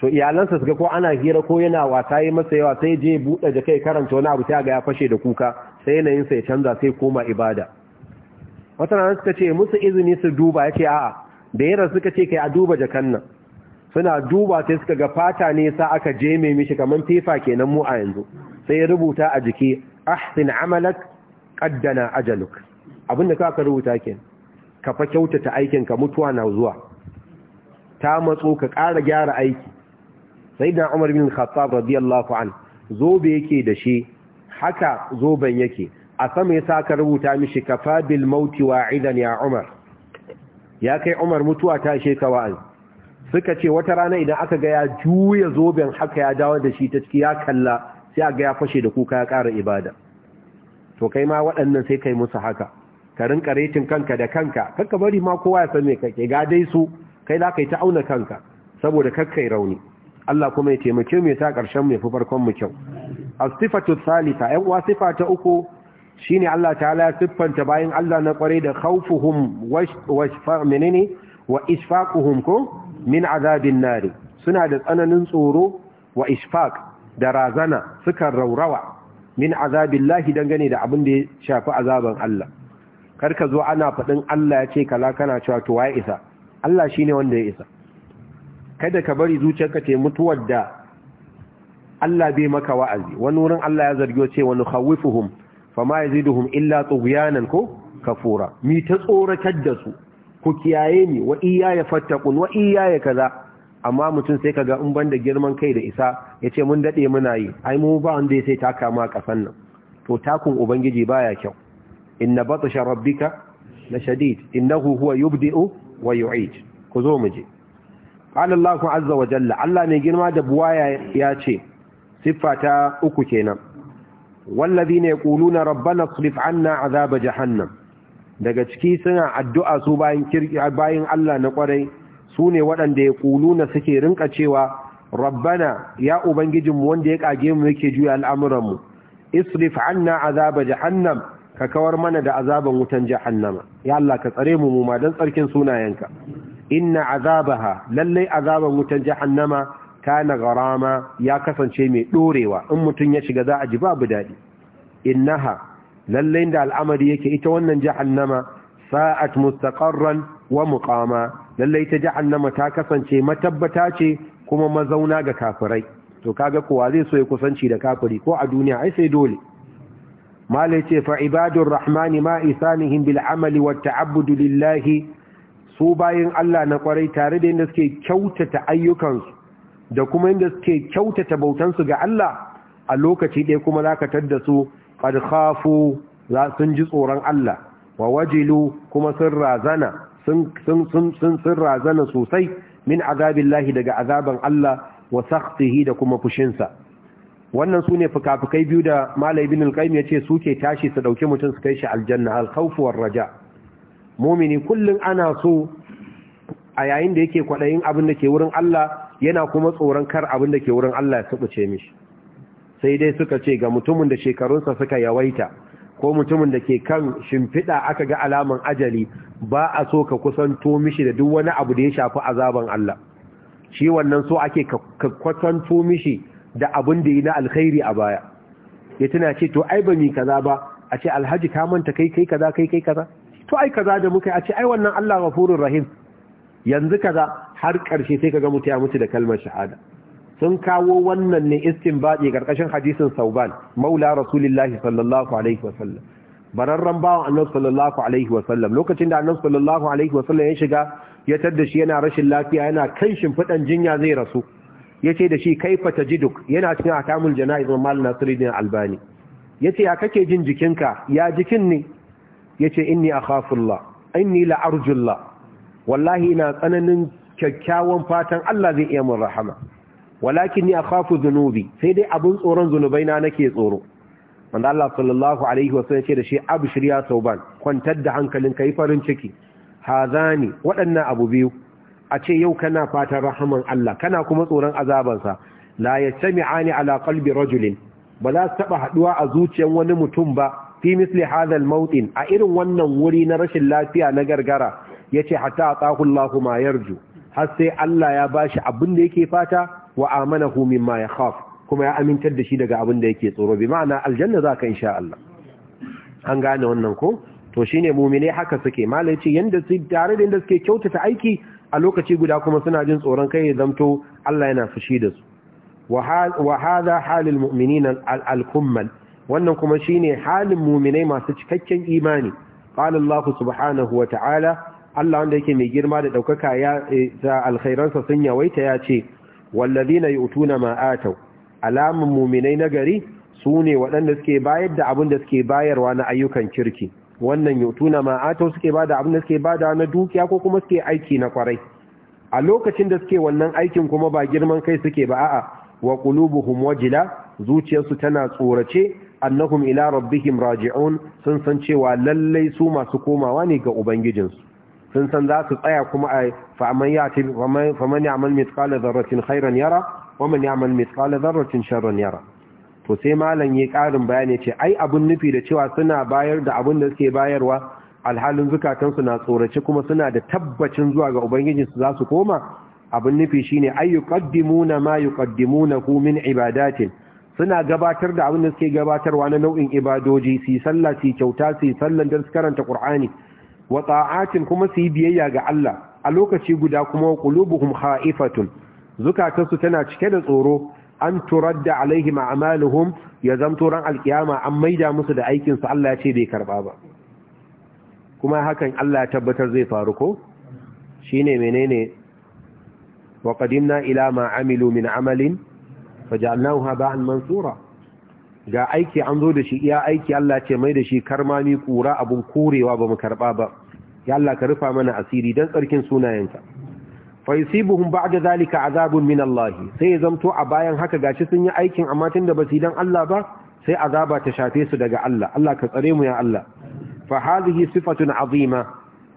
Speaker 1: to iyalansa suka ko ana hira ko yana wasa yi masa yawa sai je buɗe jaka ya karanta wani abu ta ga ya fashe da kuka sai yanayinsa ya canza sai koma ibada wata rana suka ce musu izini su duba ya a'a da yara suka ce kai a duba jakan nan suna duba sai suka ga fata ne sa aka jeme mishi kaman fifa kenan mu a yanzu sai ya rubuta a jiki ahsin amalak qaddana ajaluk abinda ka ka rubuta kenan ka fa kyautata aikin ka mutuwa na zuwa ta matso ka ƙara gyara aiki sayyidina Umar bin Khattab radiyallahu an zobe yake da shi haka zoben yake a sama yasa ka rubuta mishi kafabil mauti wa'idan ya Umar ya kai Umar mutuwa ta shekawa wa'azi suka ce wata rana idan aka ga ya juya zoben haka ya dawo da shi ta ciki ya kalla sai a ga ya fashe da kuka ya ƙara ibada to kai ma waɗannan sai kai musu haka ka rinka retin kanka da kanka kanka bari ma kowa ya san me kake ga dai su kai za ka yi ta auna kanka saboda kakkai rauni Allah kuma ya taimake mu ya sa ƙarshen mu ya fi farkon mu kyau as-sifatu thalitha ai wa sifa ta uku shine Allah ta'ala ya siffanta bayan Allah na kware da khawfuhum wa menene wa isfaquhum ko min azabin nari suna da tsananin tsoro wa ishfaq da razana sukan raurawa min azabin lahi dangane da abin da ya shafi azaban Allah karka zo ana faɗin Allah ya ce kala kana cewa to waye isa Allah shine wanda ya isa kada ka bari zuciyarka ta mutuwar da Allah bai maka wa'azi wani wurin Allah ya zargi ce wani khawifuhum fama yaziduhum illa tughyanan ko kafura mi ta tsoratar da su ku kiyaye ni wa iyaya fattaqun wa iyaya kaza amma mutum sai kaga in banda girman kai da isa Ya ce mun dade muna yi ai mu ba wanda sai ta kama kasan nan to takun ubangiji baya kyau inna batsha rabbika la shadid innahu huwa yubdi'u wa yu'id ku zo mu je qala allah azza wa jalla allah ne girma da buwaya yace siffa ta uku kenan na yaquluna rabbana اصرف anna azaba jahannam daga ciki suna addu'a su bayan bayan Allah na ƙwarai su ne waɗanda ya na suke rinka cewa rabbana ya ubangijinmu wanda ya ƙage mu yake juya al'amuranmu isrif anna azaba jahannam ka kawar mana da azaban wutan jahannama ya Allah ka tsare mu mu ma dan tsarkin sunayenka inna azabaha lallai azaban wutan jahannama na garama ya kasance mai ɗorewa. in mutum ya shiga za a ji babu daɗi innaha lalle da al'amari yake ita wannan jahannama sa'at mustaqarran wa muqama lalle ita jahannama ta kasance matabbata ce kuma mazauna ga kafirai to kaga kowa zai so ya kusanci da kafiri ko a duniya ai sai dole malai ce fa ibadur rahmani ma isanihim bil amali wat ta'abbud lillahi su bayin Allah na kwarai tare da inda suke kyautata ayyukansu da kuma inda suke kyautata bautansu ga Allah a lokaci ɗaya kuma zaka tadda su qad khafu za sun ji tsoron Allah wa wajilu kuma sun razana sun sun sun sun razana sosai min azabillahi daga azaban Allah wa sakhtihi da kuma fushinsa wannan su ne fukafukai biyu da malamin ibn al-qayyim yace suke tashi su dauki mutum su kai shi aljanna al-khawf war raja mumini kullun ana so a yayin da yake kwadayin abin da ke wurin Allah yana kuma tsoron kar abin da ke wurin Allah ya subuce mishi sai dai suka ce ga mutumin da shekarunsa suka yawaita ko mutumin da ke kan shimfiɗa aka ga alaman ajali ba a so ka kusanto mishi da duk wani abu da ya shafi azaban Allah shi wannan so ake ka kusanto mishi da abin da yi na alkhairi a baya ya tana ce to ai ba mi kaza ba a ce alhaji ka manta kai kai kaza kai kai kaza to ai kaza da muka a ce ai wannan Allah ghafurur rahim yanzu kaza har karshe sai ka ga mutu ya mutu da kalmar shahada sun kawo wannan ne istinbadi karkashin hadisin sauban maula rasulillahi sallallahu alaihi wasallam Bararren bawan annabi sallallahu alaihi wasallam lokacin da annabi sallallahu alaihi wasallam ya shiga ya tadda shi yana rashin lafiya yana kan shimfidan jinya zai rasu yace da shi kaifa tajiduk yana cikin akamul janaiz wa mal nasiruddin albani yace ya kake jin jikinka ya jikin ne yace inni akhafullah inni la arjullah wallahi ina tsananin kyakkyawan fatan Allah zai iya mun rahama walakin ni akhafu zunubi, sai dai abin tsoron zunubai na nake tsoro manzo Allah sallallahu alaihi wasallam ce da shi abshir ya sauban kwantar da hankalin yi farin ciki hazani waɗannan abu biyu a ce yau kana fatan rahaman Allah kana kuma tsoron azabansa la yastami'ani ala qalbi rajulin ba za su taɓa haɗuwa a zuciyar wani mutum ba fi misli mauɗin. a irin wannan wuri na rashin lafiya na gargara yace hatta ataqullahu ma yarju har sai Allah ya bashi abin da yake fata wa amanahu mimma khaf kuma ya amintar da shi daga abin da yake tsoro bi ma'ana aljanna za zaka insha Allah an gane wannan ko to shine mu'mine haka suke malai ce yanda su tare da yadda suke kyautata aiki a lokaci guda kuma suna jin tsoron kai ya zamto Allah yana fushi da su wa hadha halil mu'minina al-kummal wannan kuma shine halin mu'minai masu cikakken imani qala Allah subhanahu wa ta'ala Allah wanda yake mai girma da daukaka ya za eh, alkhairansa sun yawaita ya ce wallazina yu'tuna ma ataw alamun mu'minai nagari ne waɗanda suke bayar da abin da suke bayarwa na ayyukan kirki wannan yu'tuna ma ataw suke bada abin da suke bada na dukiya ko kuma suke aiki na kwarai a lokacin da suke wannan aikin kuma ba girman kai suke ba a'a wa qulubuhum wajila zuciyarsu tana tsorace annahum ila rabbihim raji'un sun san cewa lallai su masu komawa ne ga ubangijinsu sun san za su tsaya kuma a faman ya ce faman ya amal mithqala dharratin khairan yara wa man ya amal mithqala dharratin sharran yara to sai malam yayi karin bayani ce ai abun nufi da cewa suna bayar da abun da suke bayarwa alhalin zukatansu na tsoraci kuma suna da tabbacin zuwa ga ubangiji su za su koma abun nufi shine ay yuqaddimuna ma yuqaddimunahu min ibadatin suna gabatar da abin da suke gabatarwa na nau'in ibadoji su sallah su kyauta su sallan da su karanta qur'ani wa ta'atin kuma su yi biyayya ga Allah a lokaci guda kuma qulubuhum kha'ifatun zukatansu tana cike da tsoro an turadda alaihim a'maluhum ya zamto ran alkiyama an maida musu da aikin su Allah ya ce bai karba ba kuma hakan Allah ya tabbatar zai faru ko shine menene wa qadimna ila ma amilu min amalin faj'alnahu haba'an mansura ga aiki an zo da shi iya aiki Allah ce mai da shi karmami kura abun korewa ba mu karba ba ya Allah ka rufa mana asiri dan tsarkin sunayenka fa yusibuhum ba'da zalika azabun min Allah sai ya zamto a bayan haka gashi sun yi aikin amma tunda ba su dan Allah ba sai azaba ta shafe su daga Allah Allah ka tsare mu ya Allah fa hadhihi sifatun azima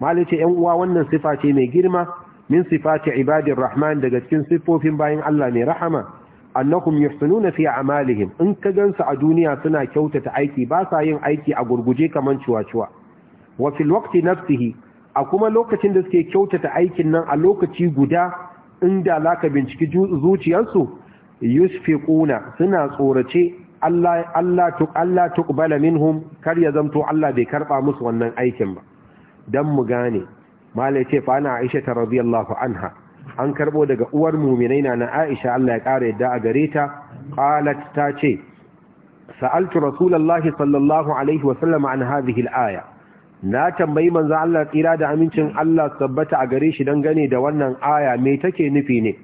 Speaker 1: malice yan uwa wannan sifa ce mai girma min sifati ibadir rahman daga cikin siffofin bayan Allah mai rahama annahum yuhsinuna fi a'malihim in ka gansu a duniya suna kyautata aiki ba sa yin aiki a gurguje kaman ciwa-ciwa wa fil waqti nafsihi a kuma lokacin da suke kyautata aikin nan a lokaci guda inda zaka binciki zuciyarsu yusfiquna suna tsorace Allah Allah tu Allah tuqbala minhum kar ya zamto Allah bai karba musu wannan aikin ba dan mu gane malai ce fa ana Aisha radiyallahu anha an karbo daga uwar muminai na Aisha Allah ya ƙara yadda a gare ta qalat ta ce sa'altu rasulullahi sallallahu alaihi wa sallam an hadhihi al-aya na tambayi manzo Allah tsira da amincin Allah tabbata a gare shi gane da wannan aya me take nufi ne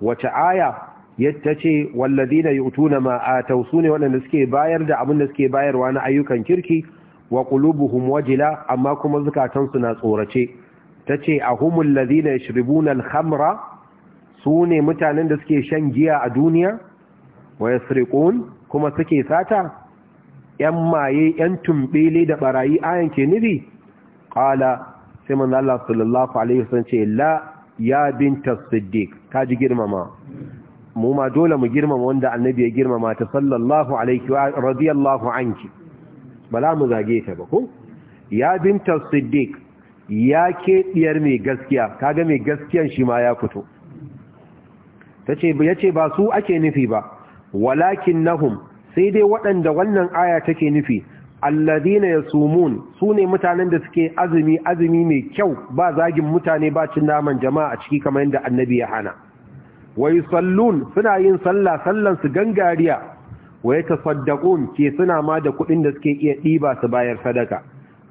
Speaker 1: wace aya yadda ce walladina yu'tuna ma atau sune waɗanda suke bayar da abin da suke bayarwa na ayyukan kirki wa qulubuhum wajila amma kuma zukatansu na tsorace ta ce a humul lazina ya shiribuna alhamra su ne mutanen da suke shan giya a duniya wa ya kuma suke sata ‘yan maye ‘yan tumbele da barayi ayan ke nufi ƙala sai manzo Allah sallallahu alaihi wasan ce la ya bin siddiq ta ji girmama mu ma dole mu girmama wanda annabi ya girmama ta sallallahu alaihi wa radiyallahu anki bala mu zage ta ba ko ya bin siddiq ya ke mai gaskiya kaga mai gaskiyan shi ma ya fito Ya ce ba su ake nufi ba walakin nahum sai dai waɗanda wannan aya take nufi sumun su ne mutanen da suke azumi azumi mai kyau ba zagin mutane ba cin naman jama'a a ciki kamar yadda annabi ya hana wa sallun suna yin salla sallan su gangariya wa yatasaddaqun ke suna ma da kuɗin da suke iya ɗiba su bayar sadaka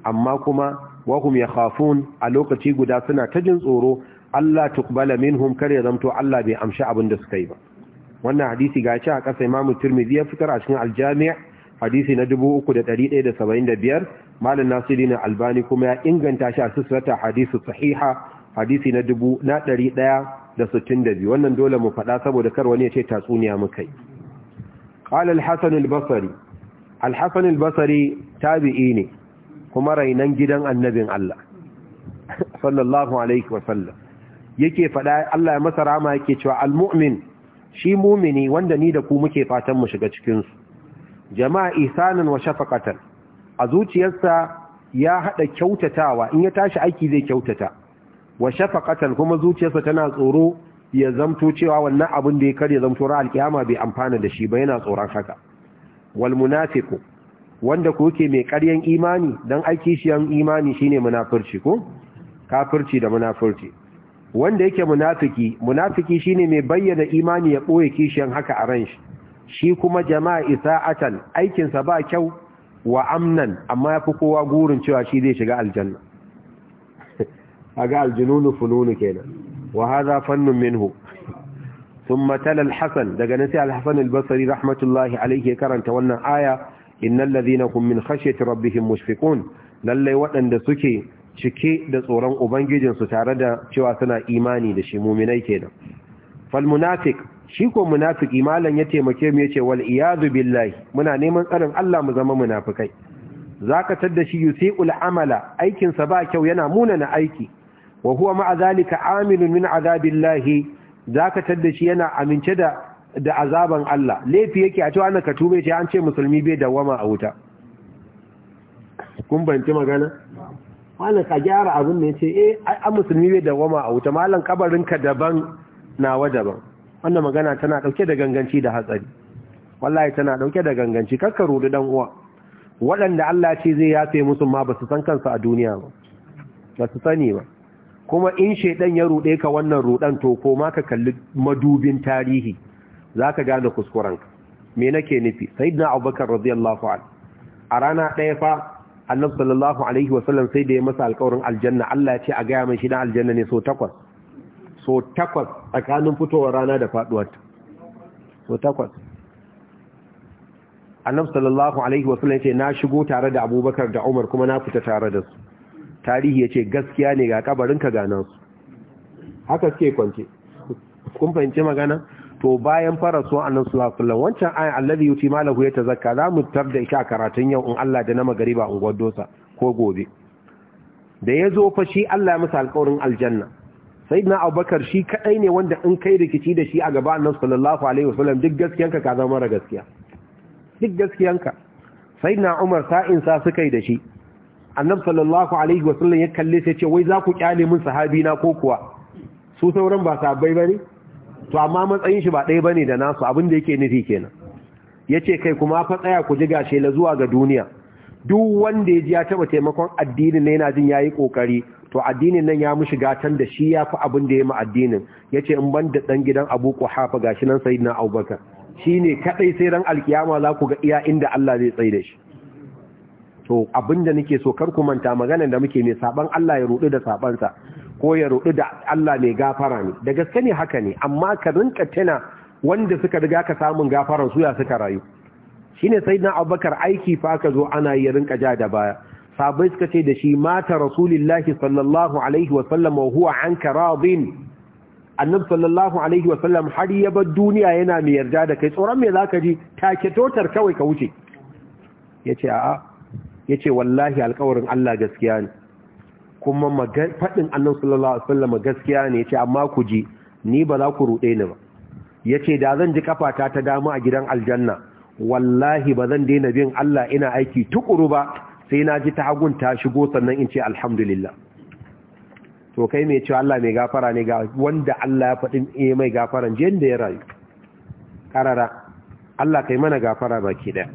Speaker 1: amma kuma wa hum yakhafun a lokaci guda suna ta jin tsoro Allah tuqbala minhum kar ya zamto Allah bai amshi abin da suka yi ba wannan hadisi ga shi a ƙasa Imam Tirmidhi ya fitar a cikin Al-Jami' hadisi na 3175 Malam na Albani kuma ya inganta shi a sisrata hadisi sahiha hadisi na 1162 wannan dole mu faɗa saboda kar wani ya ce tatsuniya muka yi basri al-hasan al-basri tabi'i ne kuma rainan gidan annabin Allah (laughs) sallallahu alaihi wasallam yake faɗa Allah ya masa rama yake cewa almu'min shi mumini wanda ni da ku muke fatan mu shiga cikin su jama'a isanan wa shafaqatan a zuciyarsa ya hada kyautatawa in ya tashi aiki zai kyautata wa shafaqatan kuma zuciyarsa tana tsoro ya zamto cewa wannan abin da ya kare zamto ra alkiyama bai amfana da shi ba yana tsoron haka wal munafiqu wanda kuke mai karyan imani don aiki imani shine munafurci ko kafirci da munafurci wanda yake munafiki munafiki shine mai bayyana imani ya ɓoye kishiyan haka a ran shi shi kuma jama'a isa isa'atan aikinsa ba kyau wa amnan amma ya fi kowa gurin cewa shi zai shiga aljanna (laughs) aga aljununu fununu kenan wa hadha fannun minhu (laughs) thumma tala daga nasi Alhassan al rahmatullahi rahmatullahi alayhi karanta wannan aya innan ladhina kun min khashyati rabbihim mushfiqun lallai waɗanda suke cike da tsoron ubangijinsu tare da cewa suna imani da shi mu'minai kenan fal shi ko munafiki malam ya taimake mu ya ce wal iyazu billahi muna neman tsarin Allah mu zama munafikai ka tadda shi yusiqul amala Aikinsa ba kyau yana munana aiki wa huwa ma'a zalika amilun min azabillahi ka tadda shi yana amince da da azaban Allah laifi yake a cewa ka tube ce an ce musulmi bai dawama a wuta kun banci magana wannan ka gyara abin da ce eh an musulmi bai dawama a wuta mallan ka daban nawa daban wannan magana tana dauke da ganganci da hatsari wallahi tana dauke da ganganci ka rudu dan uwa waɗanda Allah ce zai yafe musu ma ba su san kansu a duniya ba ba su sani ba kuma in shedan ya rude ka wannan rudan to ko ma ka kalli madubin tarihi za ka gane kuskurenka me nake nufi sayyidina abubakar radiyallahu anhu a rana ɗaya fa annab sallallahu alaihi wasallam sai da ya masa alƙawarin aljanna Allah ya ce a gaya mai shi na aljanna ne so takwas so takwas tsakanin fitowar rana da faduwar ta so takwas Annab sallallahu alaihi wasallam ya ce na shigo tare da abubakar da umar kuma na fita tare da su tarihi ya ce gaskiya ne ga kabarin ka gana su haka suke kwance kun fahimci magana to bayan fara suwan annan sulasullan wancan ayin allazi yuti malahu ya tazakka za mu da isha karatun yau in Allah da na magariba in gwadosa ko gobe da ya zo fa shi Allah ya masa alƙawarin aljanna sayyidina abubakar shi kadai ne wanda in kai rikici da shi a gaba annan sallallahu alaihi wasallam duk gaskiyanka ka zama mara gaskiya duk gaskiyanka sayyidina umar sa'in sa suka yi da shi annabi sallallahu alaihi wasallam ya kalle sai ce wai za ku kyale min sahabi na ko kuwa su sauran ba sahabbai bane to amma matsayin shi ba ɗaya bane da nasu abin da yake nufi kenan yace kai kuma fa tsaya ku ji gashe la zuwa ga duniya duk wanda ya ji ya taba taimakon addinin ne yana jin yayi kokari to addinin nan ya mushi gatan da shi ya fi abin da ya ma addinin Ya ce in ban da dan gidan Abu Quhafa gashi nan sayyidina Abubakar ne kadai sai ran alkiyama za ku ga iya inda Allah zai tsaye da shi to abinda nake so kar ku manta magana da muke mai saban Allah ya rudu da sabansa ko ya rudu da Allah mai gafara ne da gaske ne haka ne amma ka rinka tana wanda suka riga ka samun gafaran su ya suka rayu shine sayyidina Abubakar aiki fa ka zo ana yi rinka ja da baya sabai suka ce da shi mata rasulullahi sallallahu alaihi wa sallam wa huwa anka radin annab sallallahu alaihi wa sallam har ya bar duniya yana mai yarda da kai tsoron me zaka ji take totar kawai ka wuce yace a'a yace wallahi alkawarin Allah gaskiya ne kuma faɗin annan sallallahu alaihi wasallam gaskiya ne ya amma ku ji ni ba za ku ruɗe ni ba yace da zan ji kafata ta dama a gidan aljanna wallahi ba zan daina bin Allah ina aiki tukuru ba sai na ji ta hagun ta shigo sannan in ce alhamdulillah to kai mai cewa Allah mai gafara ne ga wanda Allah ya faɗin eh mai gafaran je da ya rayu karara Allah kai mana gafara baki ɗaya.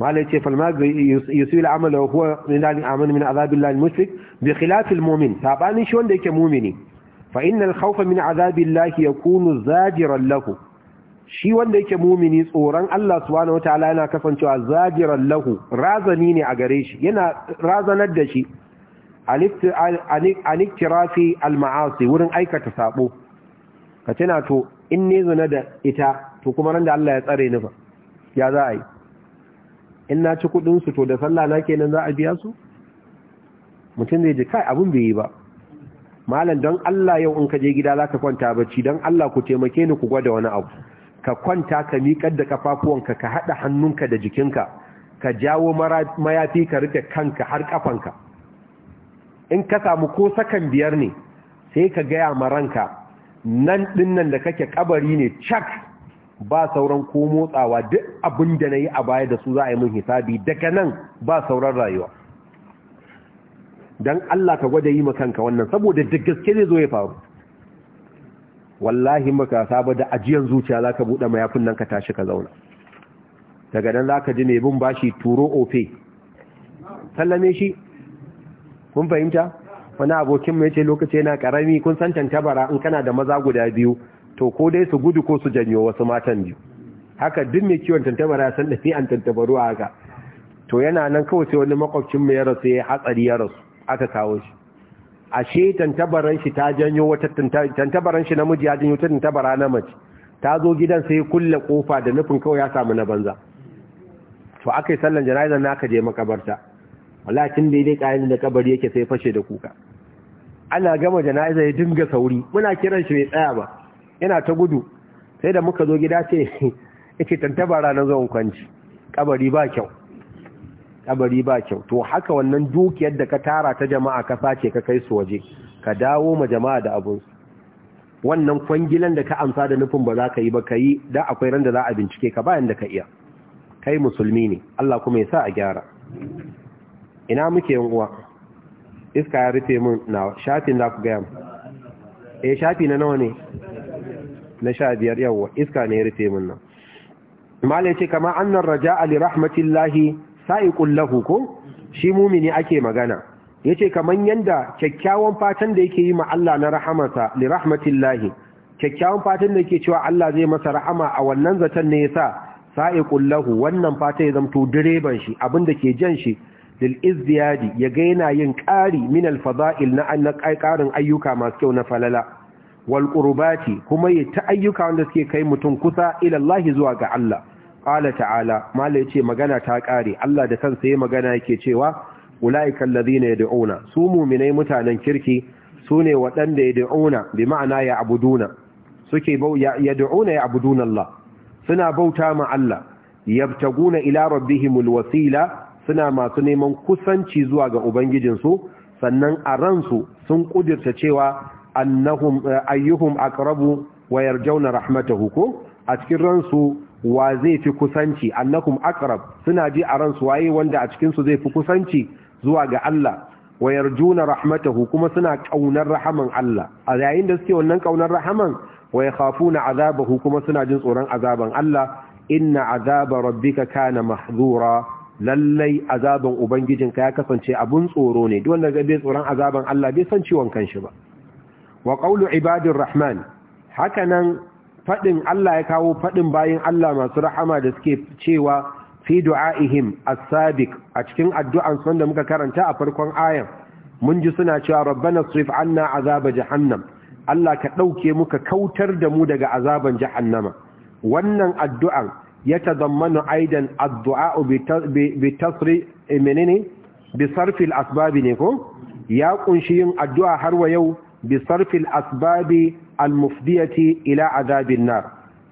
Speaker 1: malai ce falmagri yusu ila amala huwa min dani aman min azabillahi mushrik bi khilafil mu'min sabanin shi wanda yake mu'mini fa innal khawfa min azabillahi yakunu zajiran lahu shi wanda yake mumini tsoron Allah subhanahu wataala yana kasancewa zajiran lahu razani ne a gare shi yana razanar da shi aniktirafi alma'asi wurin aikata sabo ka tana to in ne zuna da ita to kuma ran da Allah ya tsare ni fa ya za a yi in na ci kudin su to da sallah na kenan za a biya su mutum zai ji kai abun bai yi ba malam don Allah yau in ka je gida za ka kwanta bacci don Allah ku taimake ni ku gwada wani abu ka kwanta ka miƙar da kafafuwanka ka haɗa hannunka da jikinka ka jawo mayafi ka rufe kanka har kafanka in ka samu ko sakan biyar ne sai ka gaya ma ranka nan dinnan da kake kabari ne cak ba sauran ko motsawa duk abin da na yi a baya da su za a yi mun hisabi daga nan ba sauran rayuwa don Allah ka gwada yi makanka wannan saboda duk gaske zai zo ya faru wallahi maka saba da ajiyan zuciya za ka buɗe mayafin nan ka tashi ka zauna daga nan za ka ji ne bin bashi turo ofe sallame shi kun fahimta wani abokin mai ce lokaci yana karami kun san tantabara in kana da maza guda biyu to ko dai su gudu ko su janyo wasu matan biyu haka duk mai kiwon tantabara san da an tantabaru haka to yana nan kawai sai wani makwabcin mai rasu sai hatsari ya rasu aka kawo shi ashe tantabaran shi ta janyo wata tantabaran shi namiji ya janyo ta tantabara na mace ta zo gidan sai kulle kofa da nufin kawai ya samu na banza to aka yi sallan jana'izar na aka je makabarta walakin da dai kayan da kabari yake sai fashe da kuka ana gama jana'izar ya dinga sauri muna kiran shi bai tsaya ba yana ta gudu sai da muka zo gida (laughs) ce yake tantabara na zuwan kwanci kabari ba kyau kabari ba kyau to haka wannan dukiyar da ka tara ta jama'a ka sace ka kai su waje ka dawo ma jama'a da abun wannan kwangilan da ka amsa da nufin ba za ka yi ba ka yi da akwai ran da za a bincike ka bayan da ka iya kai musulmi ne Allah kuma ya sa a gyara ina muke yin uwa iska ya rufe mun na shafin za ku gaya mu eh shafi na nawa ne na sha biyar yawa iska ne ya rufe mun nan mala yace ce kama annan raja'a li rahmatillahi sa'iqul lahu ko shi mumini ake magana yace kaman yanda kyakkyawan fatan da yake yi ma Allah na rahamarsa li rahmatillahi kyakkyawan fatan da yake cewa Allah zai masa rahama a wannan zaton ne yasa sa'iqul lahu wannan fata ya zamto direban shi abinda ke jan shi lil izdiyadi ya ga yana yin ƙari min al fada'il na an ƙarin ayyuka masu kyau na falala wal kuma ya ta ayyuka wanda suke kai mutum kusa ilallahi zuwa ga Allah qala ta'ala mala yace magana ta ƙare, Allah da kansa yayi magana yake cewa ulaiikal ya yad'una su mu'minai mutanen kirki su sune waɗanda yad'una bi ma'ana ya abuduna suke bau yad'una ya abuduna Allah suna bauta ma Allah yabtaguna ila rabbihimul wasila suna masu neman kusanci zuwa ga ubangijinsu sannan aransu sun kudirta cewa annahum eh, ayyuhum aqrabu wa yarjawna rahmatahu ko a cikin ransu wa zai fi kusanci annahum aqrab suna ji a ransu waye wanda a cikin su zai fi kusanci zuwa ga Allah wa yarjuna rahmatahu kuma suna kaunar rahaman Allah a yayin da suke wannan kaunar rahaman wa yakhafuna azabahu kuma suna jin tsoron azaban Allah inna azaba rabbika kana mahzura lallai azaban ubangijinka ya kasance abun tsoro ne duk wanda ga bai tsoron azaban Allah bai san ciwon kanshi ba wa qawlu rahman hakanan fadin Allah ya kawo fadin bayin Allah masu rahama da suke cewa fi du'aihim as-sabiq a cikin addu'an sun da muka karanta a farkon ayan mun ji suna cewa rabbana srif anna azaba jahannam Allah ka dauke muka kautar da mu daga azaban jahannama wannan addu'an ya tazammanu aidan addu'a bi tasri eh, menene bi al asbabi ne ko ya kunshi yin addu'a har wa yau بصرف الأسباب asbabi إلى عذاب ila azabin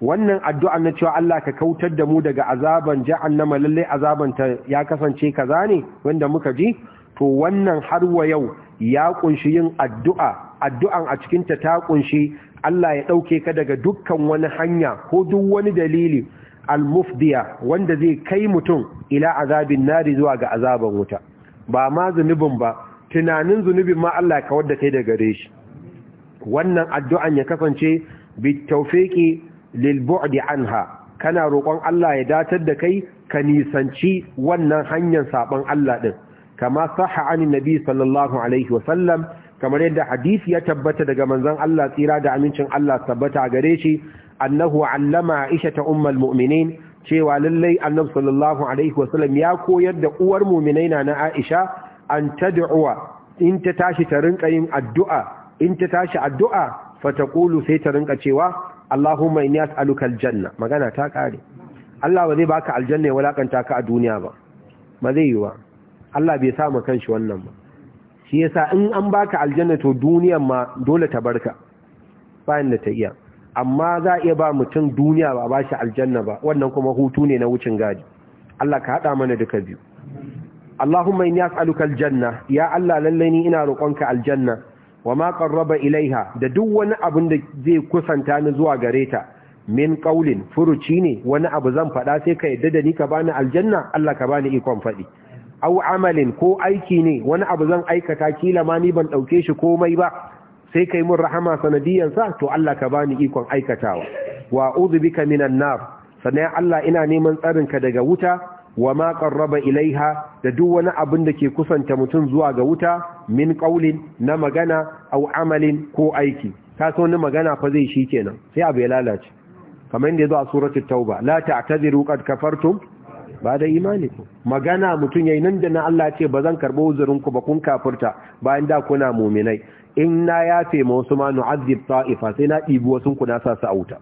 Speaker 1: wannan addu'a na cewa Allah ka kautar da mu daga azaban jahannama lalle azaban ta ya kasance kaza ne wanda muka ji to wannan har wa yau ya kunshi yin addu'a addu'an a cikin ta ta kunshi Allah ya dauke ka daga dukkan wani hanya ko duk wani dalili al-mufdiya wanda zai kai mutum ila azabin nari zuwa ga azaban wuta ba ma zunubin ba tunanin zunubin ma Allah ya kawar da kai daga gare shi wannan addu'an ya kasance bitawfiki lilbu'di anha kana roƙon Allah ya datar da kai ka nisanci wannan hanyar saɓon Allah ɗin? kama saha, anin nabi sallallahu alaihi wasallam kamar yadda hadisi ya tabbata daga manzon Allah tsira da amincin Allah tabbata gare shi annahu allama Aisha ta mu'minin cewa lallai annab sallallahu alaihi wasallam ya koyar da uwar mu'minaina na Aisha an tad'uwa in ta tashi ta rinka yin addu'a in ta tashi addu'a fataqulu sai ta rinka cewa Allahumma inni as'aluka aljanna magana ta kare Allah ba zai baka aljanna ya walakanta ka a duniya ba ba zai yi ba Allah bai sa kan shi wannan ba shi yasa in an baka aljanna to duniyan ma dole ta barka bayan da ta iya amma za iya ba mutum duniya ba ba shi aljanna ba wannan kuma hutu ne na wucin gadi Allah ka hada mana duka biyu Allahumma inni as'aluka aljanna ya Allah lallai ni ina roƙonka aljanna wa ma qarraba ilaiha da duk wani abin da zai kusanta ni zuwa gare ta min qaulin furuci ne wani abu zan faɗa sai ka yadda da ni ka bani aljanna Allah ka bani ikon faɗi au amalin ko aiki ne wani abu zan aikata kila ma ni ban ɗauke shi komai ba sai kai mun rahama sanadiyan sa to Allah ka bani ikon aikatawa wa a'udhu bika minan nar sannan Allah ina neman tsarin ka daga wuta wa ma qarraba ilaiha da duk wani abin da ke kusanta mutum zuwa ga wuta min qaulin na magana aw amalin ko aiki ka so ni magana fa zai shikenan sai abu ya lalace kamar yadda yazo a suratul tauba la ta'tadiru qad kafartum ba imanikum magana mutum yayin nan da na Allah ce bazan karbo uzurin ku ba kun kafirta bayan da kuna mu'minai in na yafe ma wasu ma nu'azzib ta'ifa sai na ɗibi wasu ku na sa su auta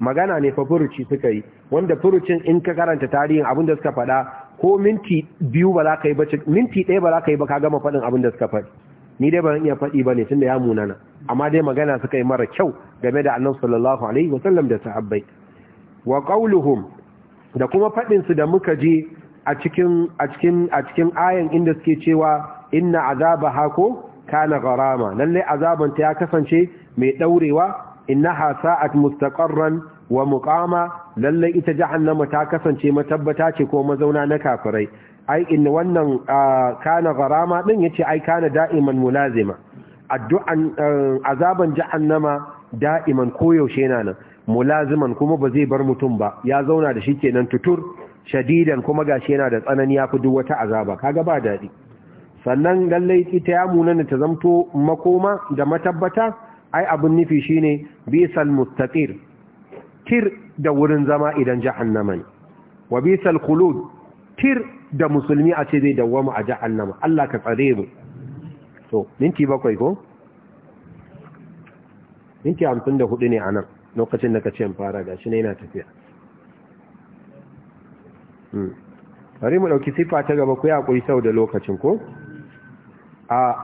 Speaker 1: magana ne fa furuci suka yi wanda furucin in ka karanta tarihin abin da suka faɗa ko minti biyu ba za ka yi ba minti ɗaya ba za ka yi ba ka gama faɗin abin da suka faɗi ni dai ban iya faɗi ba ne tun da ya munana amma dai magana suka yi mara kyau game da annabi sallallahu alaihi wasallam da sahabbai wa qauluhum da kuma faɗin su da muka ji a cikin a cikin a cikin ayan inda suke cewa inna azabaha ko kana gharama lalle azaban ta ya kasance mai daurewa innaha sa'at mustaqarran wa muqama lallai ita nama ta kasance matabbata ce kuma mazauna na kafirai ai in wannan kana gharama din yace ai kana da'iman mulazima addu'an azaban nama da'iman koyaushe yana nan mulaziman kuma ba zai bar mutum ba ya zauna da shi kenan tutur shadidan kuma gashi yana da tsanani ya fi duk wata azaba kaga ba daɗi sannan lallai ita ya munani ta zamto makoma da matabbata ai abun nufi shine bisal muttaqir tir da wurin zama idan jahannama ne wa bisal khulud tir da musulmi a ce zai dawwama a jahannama Allah ka tsare mu to minti bakwai ko minti 54 ne anan lokacin da kace in fara gashi ne yana tafiya hmm. bari mu dauki sifa ta gaba ku ya kuri sau da lokacin ko a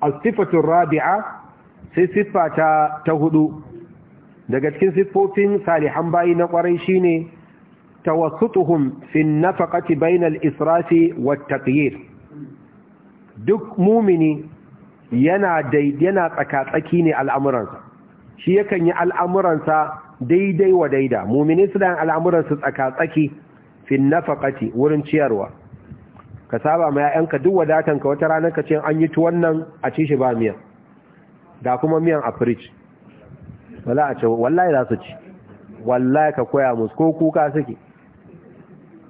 Speaker 1: as-sifatu rabi'a sai siffa ta ta hudu daga cikin siffofin salihan bayi na kwarai shine fin fi nafaqati bainal israfi wa taqyir duk mumini yana yana tsakatsaki ne al'amuransa shi yakan yi al'amuransa daidai wa daida mumini su da al'amuransu tsakatsaki fi nafaqati wurin ciyarwa ka saba ma 'ya'yanka duk wadatanka wata ranar ka ce an yi tuwon nan a ci shi ba miya ga kuma miyan a fridge wala a ce wallahi za su ci wallahi ka koya musu ko kuka suke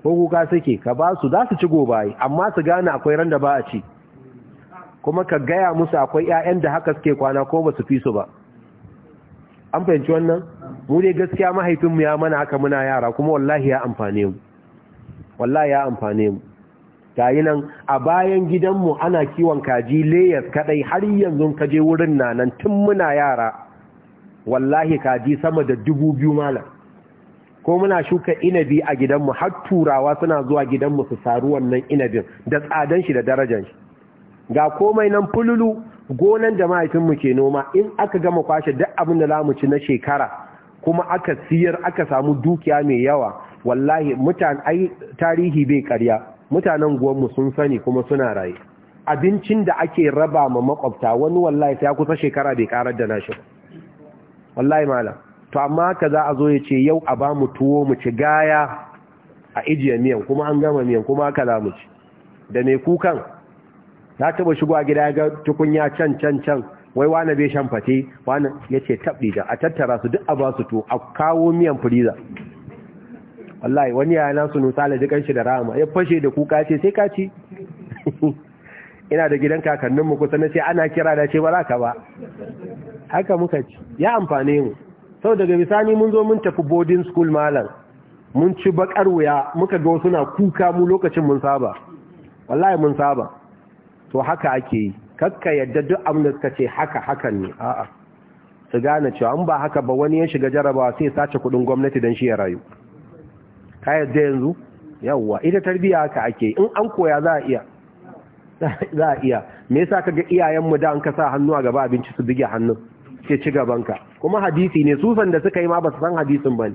Speaker 1: ko kuka suke ka ba su za su ci gobaye amma su gane akwai randa ba a ci kuma ka gaya musu akwai ƴaƴan da haka suke kwana ko ba su fi su ba an fahimci wannan mu ne gaskiya mahaifinmu ya mana haka muna yara kuma wallahi ya amfane mu wallahi ya amfane mu gayi nan a bayan gidanmu ana kiwon kaji layers kadai har yanzu ka je wurin nan tun muna yara wallahi kaji sama da dubu biyu malam ko muna shuka inabi a gidanmu har turawa suna zuwa gidanmu su saru wannan inabin da tsadan shi da darajar shi ga komai nan fululu gonan da mahaifinmu ke noma in aka gama kwashe duk abin da zamu ci na shekara kuma aka siyar aka samu dukiya mai yawa wallahi mutan ai tarihi bai karya mutanen guwanmu sun sani kuma suna raye abincin da ake raba ma makwabta wani wallahi ta kusa shekara bai karar da nashi wallahi malam to amma ka za a zo ya ce yau a ba mu tuwo mu ci gaya a ijiye miyan kuma an gama miyan kuma aka za mu ci da mai kukan ta taba shigo a gida ga tukunya can can can wai wani bai shan fate wani ya ce da a tattara su duk a ba su tuwo a kawo miyan firiza wallahi wani ya na sunu sale dukan da rama ya fashe da kuka ce sai ka ci (laughs) ina da gidan kakannin mu kusa ce ana kira da ce ba za ka ba haka muka ci ya amfane mu sau daga bisani mun zo mun tafi boarding school malam mun ci bakar wuya muka ga wasu na kuka mu lokacin mun saba wallahi mun saba to haka ake yi kakka yadda duk amna suka ce haka hakan ne a'a su gane cewa an ba haka ba wani ya shiga jarabawa sai sace kudin gwamnati don shi ya rayu ka yadda yanzu yawwa ita tarbiya haka ake in an koya za a iya za a iya me yasa kaga iyayenmu da an ka sa hannu a gaba abinci su dige hannun ke ci gaban ka? kuma hadisi ne sufan da suka yi ma ba su san hadisin bane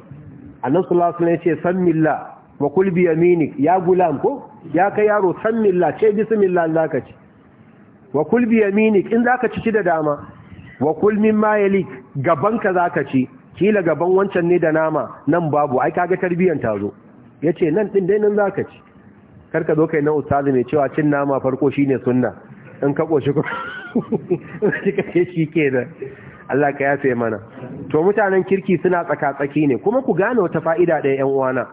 Speaker 1: annabi sallallahu alaihi wasallam ya ce san milla wa kul bi yaminik ya gulam ko ya kai yaro san milla ce bismillah Allah ka ci wa kul bi yaminik in zaka ci da dama wa kul mimma yalik ka zaka ci kila gaban wancan ne da nama nan babu ai kaga tarbiyyar tazo. zo yace nan din dai nan zaka ci karka zo kai na ustazi mai cewa cin nama farko shine sunna in ka koshi ko (laughs) kika ce shi kenan Allah ka yafe mana to mutanen kirki suna tsaka-tsaki ne kuma ku gane wata fa'ida da yan uwana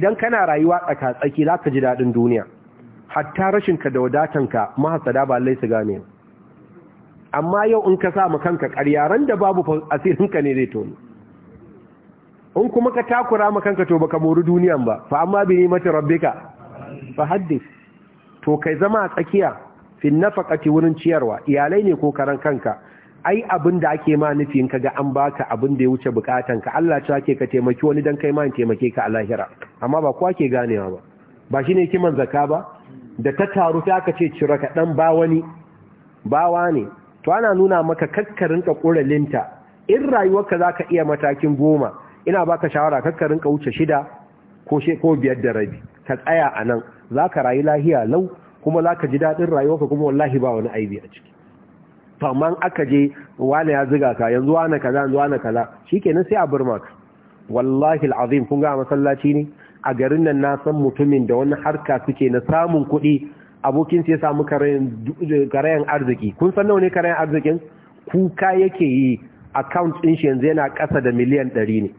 Speaker 1: idan kana rayuwa tsaka-tsaki za ka ji daɗin duniya hatta rashin ka da wadatanka mahasada ba lai su gane amma yau in ka sa mu kanka ƙaryaran da babu asirinka ne zai tono in kuma ka takura ma kanka to baka mori duniyan ba fa amma bi ni'mati rabbika fa haddith to kai zama a tsakiya fi nafaqati wurin ciyarwa iyalai ne ko karan kanka ai abin da ake ma nufi in kaga an baka abin da ya wuce bukatan ka Allah ce ke ka taimaki wani dan kai ma in taimake ka a lahira amma ba kowa ke ganewa ba ba shine kiman zakka ba da ta taru sai aka ce cire ka dan ba wani bawa ne to ana nuna maka kakkarin ka Linta. in rayuwarka zaka iya matakin goma ina baka shawara kakka ka wuce shida ko ko biyar da rabi ka tsaya a nan za ka rayu lahiya lau kuma za ka ji daɗin ka kuma wallahi ba wani aibi a ciki to amma aka je wani ya ziga ka yanzu wani kaza yanzu wani kaza shikenan sai a burma ka wallahi alazim kun ga masallaci ne a garin nan na san mutumin da wani harka suke na samun kuɗi abokin sai ya samu karayen arziki kun san nawa ne karayan arzikin kuka yake yi account din shi yanzu yana ƙasa da miliyan ɗari ne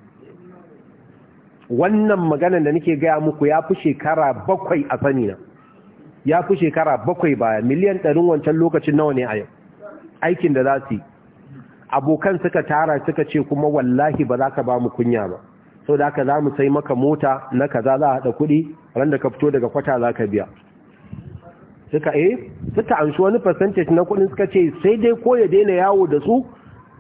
Speaker 1: wannan maganan da nake gaya muku ya fi shekara bakwai a sanina ya fi shekara bakwai baya miliyan ɗarin wancan lokacin nawa ne a yau aikin da za su yi abokan suka tara suka ce kuma wallahi ba za ka ba mu kunya ba sau da aka za mu sai maka mota na kaza za a haɗa kuɗi ran da ka fito daga kwata za ka biya suka eh suka amshi wani percentage na kuɗin suka ce sai dai ko ya daina yawo da su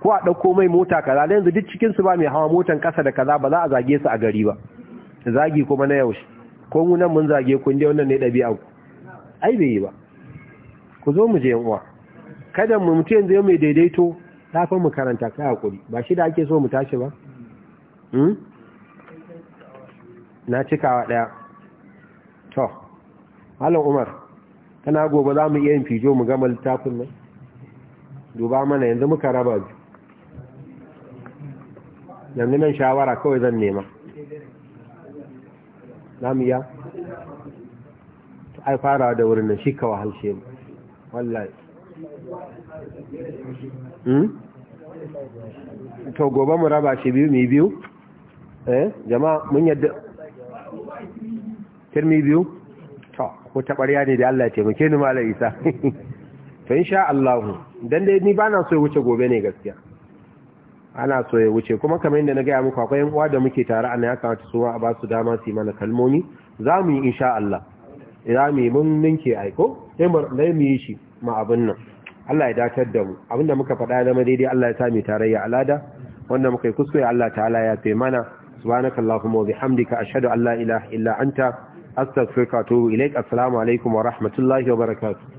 Speaker 1: ko a ɗauko mai mota kaza da yanzu duk cikinsu ba mai hawa motan ƙasa da kaza ba za a zage su a gari ba zagi kuma na yaushe ko mu nan mun zage kun je wannan ne ɗabi'a ku ai bai yi ba ku zo mu je yan uwa kada mu mutu yanzu mai daidaito fa mu karanta kai hakuri ba shi da ake so mu tashi ba hmm? na cikawa ɗaya to malam umar kana gobe za mu iya yin fijo mu gama littafin nan duba mana yanzu muka raba biyu yanzu nan shawara kawai zan nema namiya ai farawa da wurin nan shi ka halshe mu wallahi hmm? to gobe mu raba shi biyu mi biyu eh jama'a mun yadda mi biyu to ko taɓarya ne da Allah ya taimake ni malam Isa (laughs) to insha Allah dan dai ni bana so ya wuce gobe ne gaskiya ana so ya wuce kuma kamar yadda na gaya muku akwai yan uwa da muke tare a ya kamata su a ba su dama su yi mana kalmomi za mu yi insha Allah za mu yi mun ninke aiko sai mu yi shi ma abin nan Allah ya datar da mu abinda muka faɗa zama daidai Allah ya sa mu tarayya alada wanda muka yi kuskure Allah ta'ala ya fe mana subhanaka allahumma wa bihamdika ashhadu an la ilaha illa anta astaghfiruka wa atubu ilaik assalamu alaikum wa rahmatullahi wa barakatuh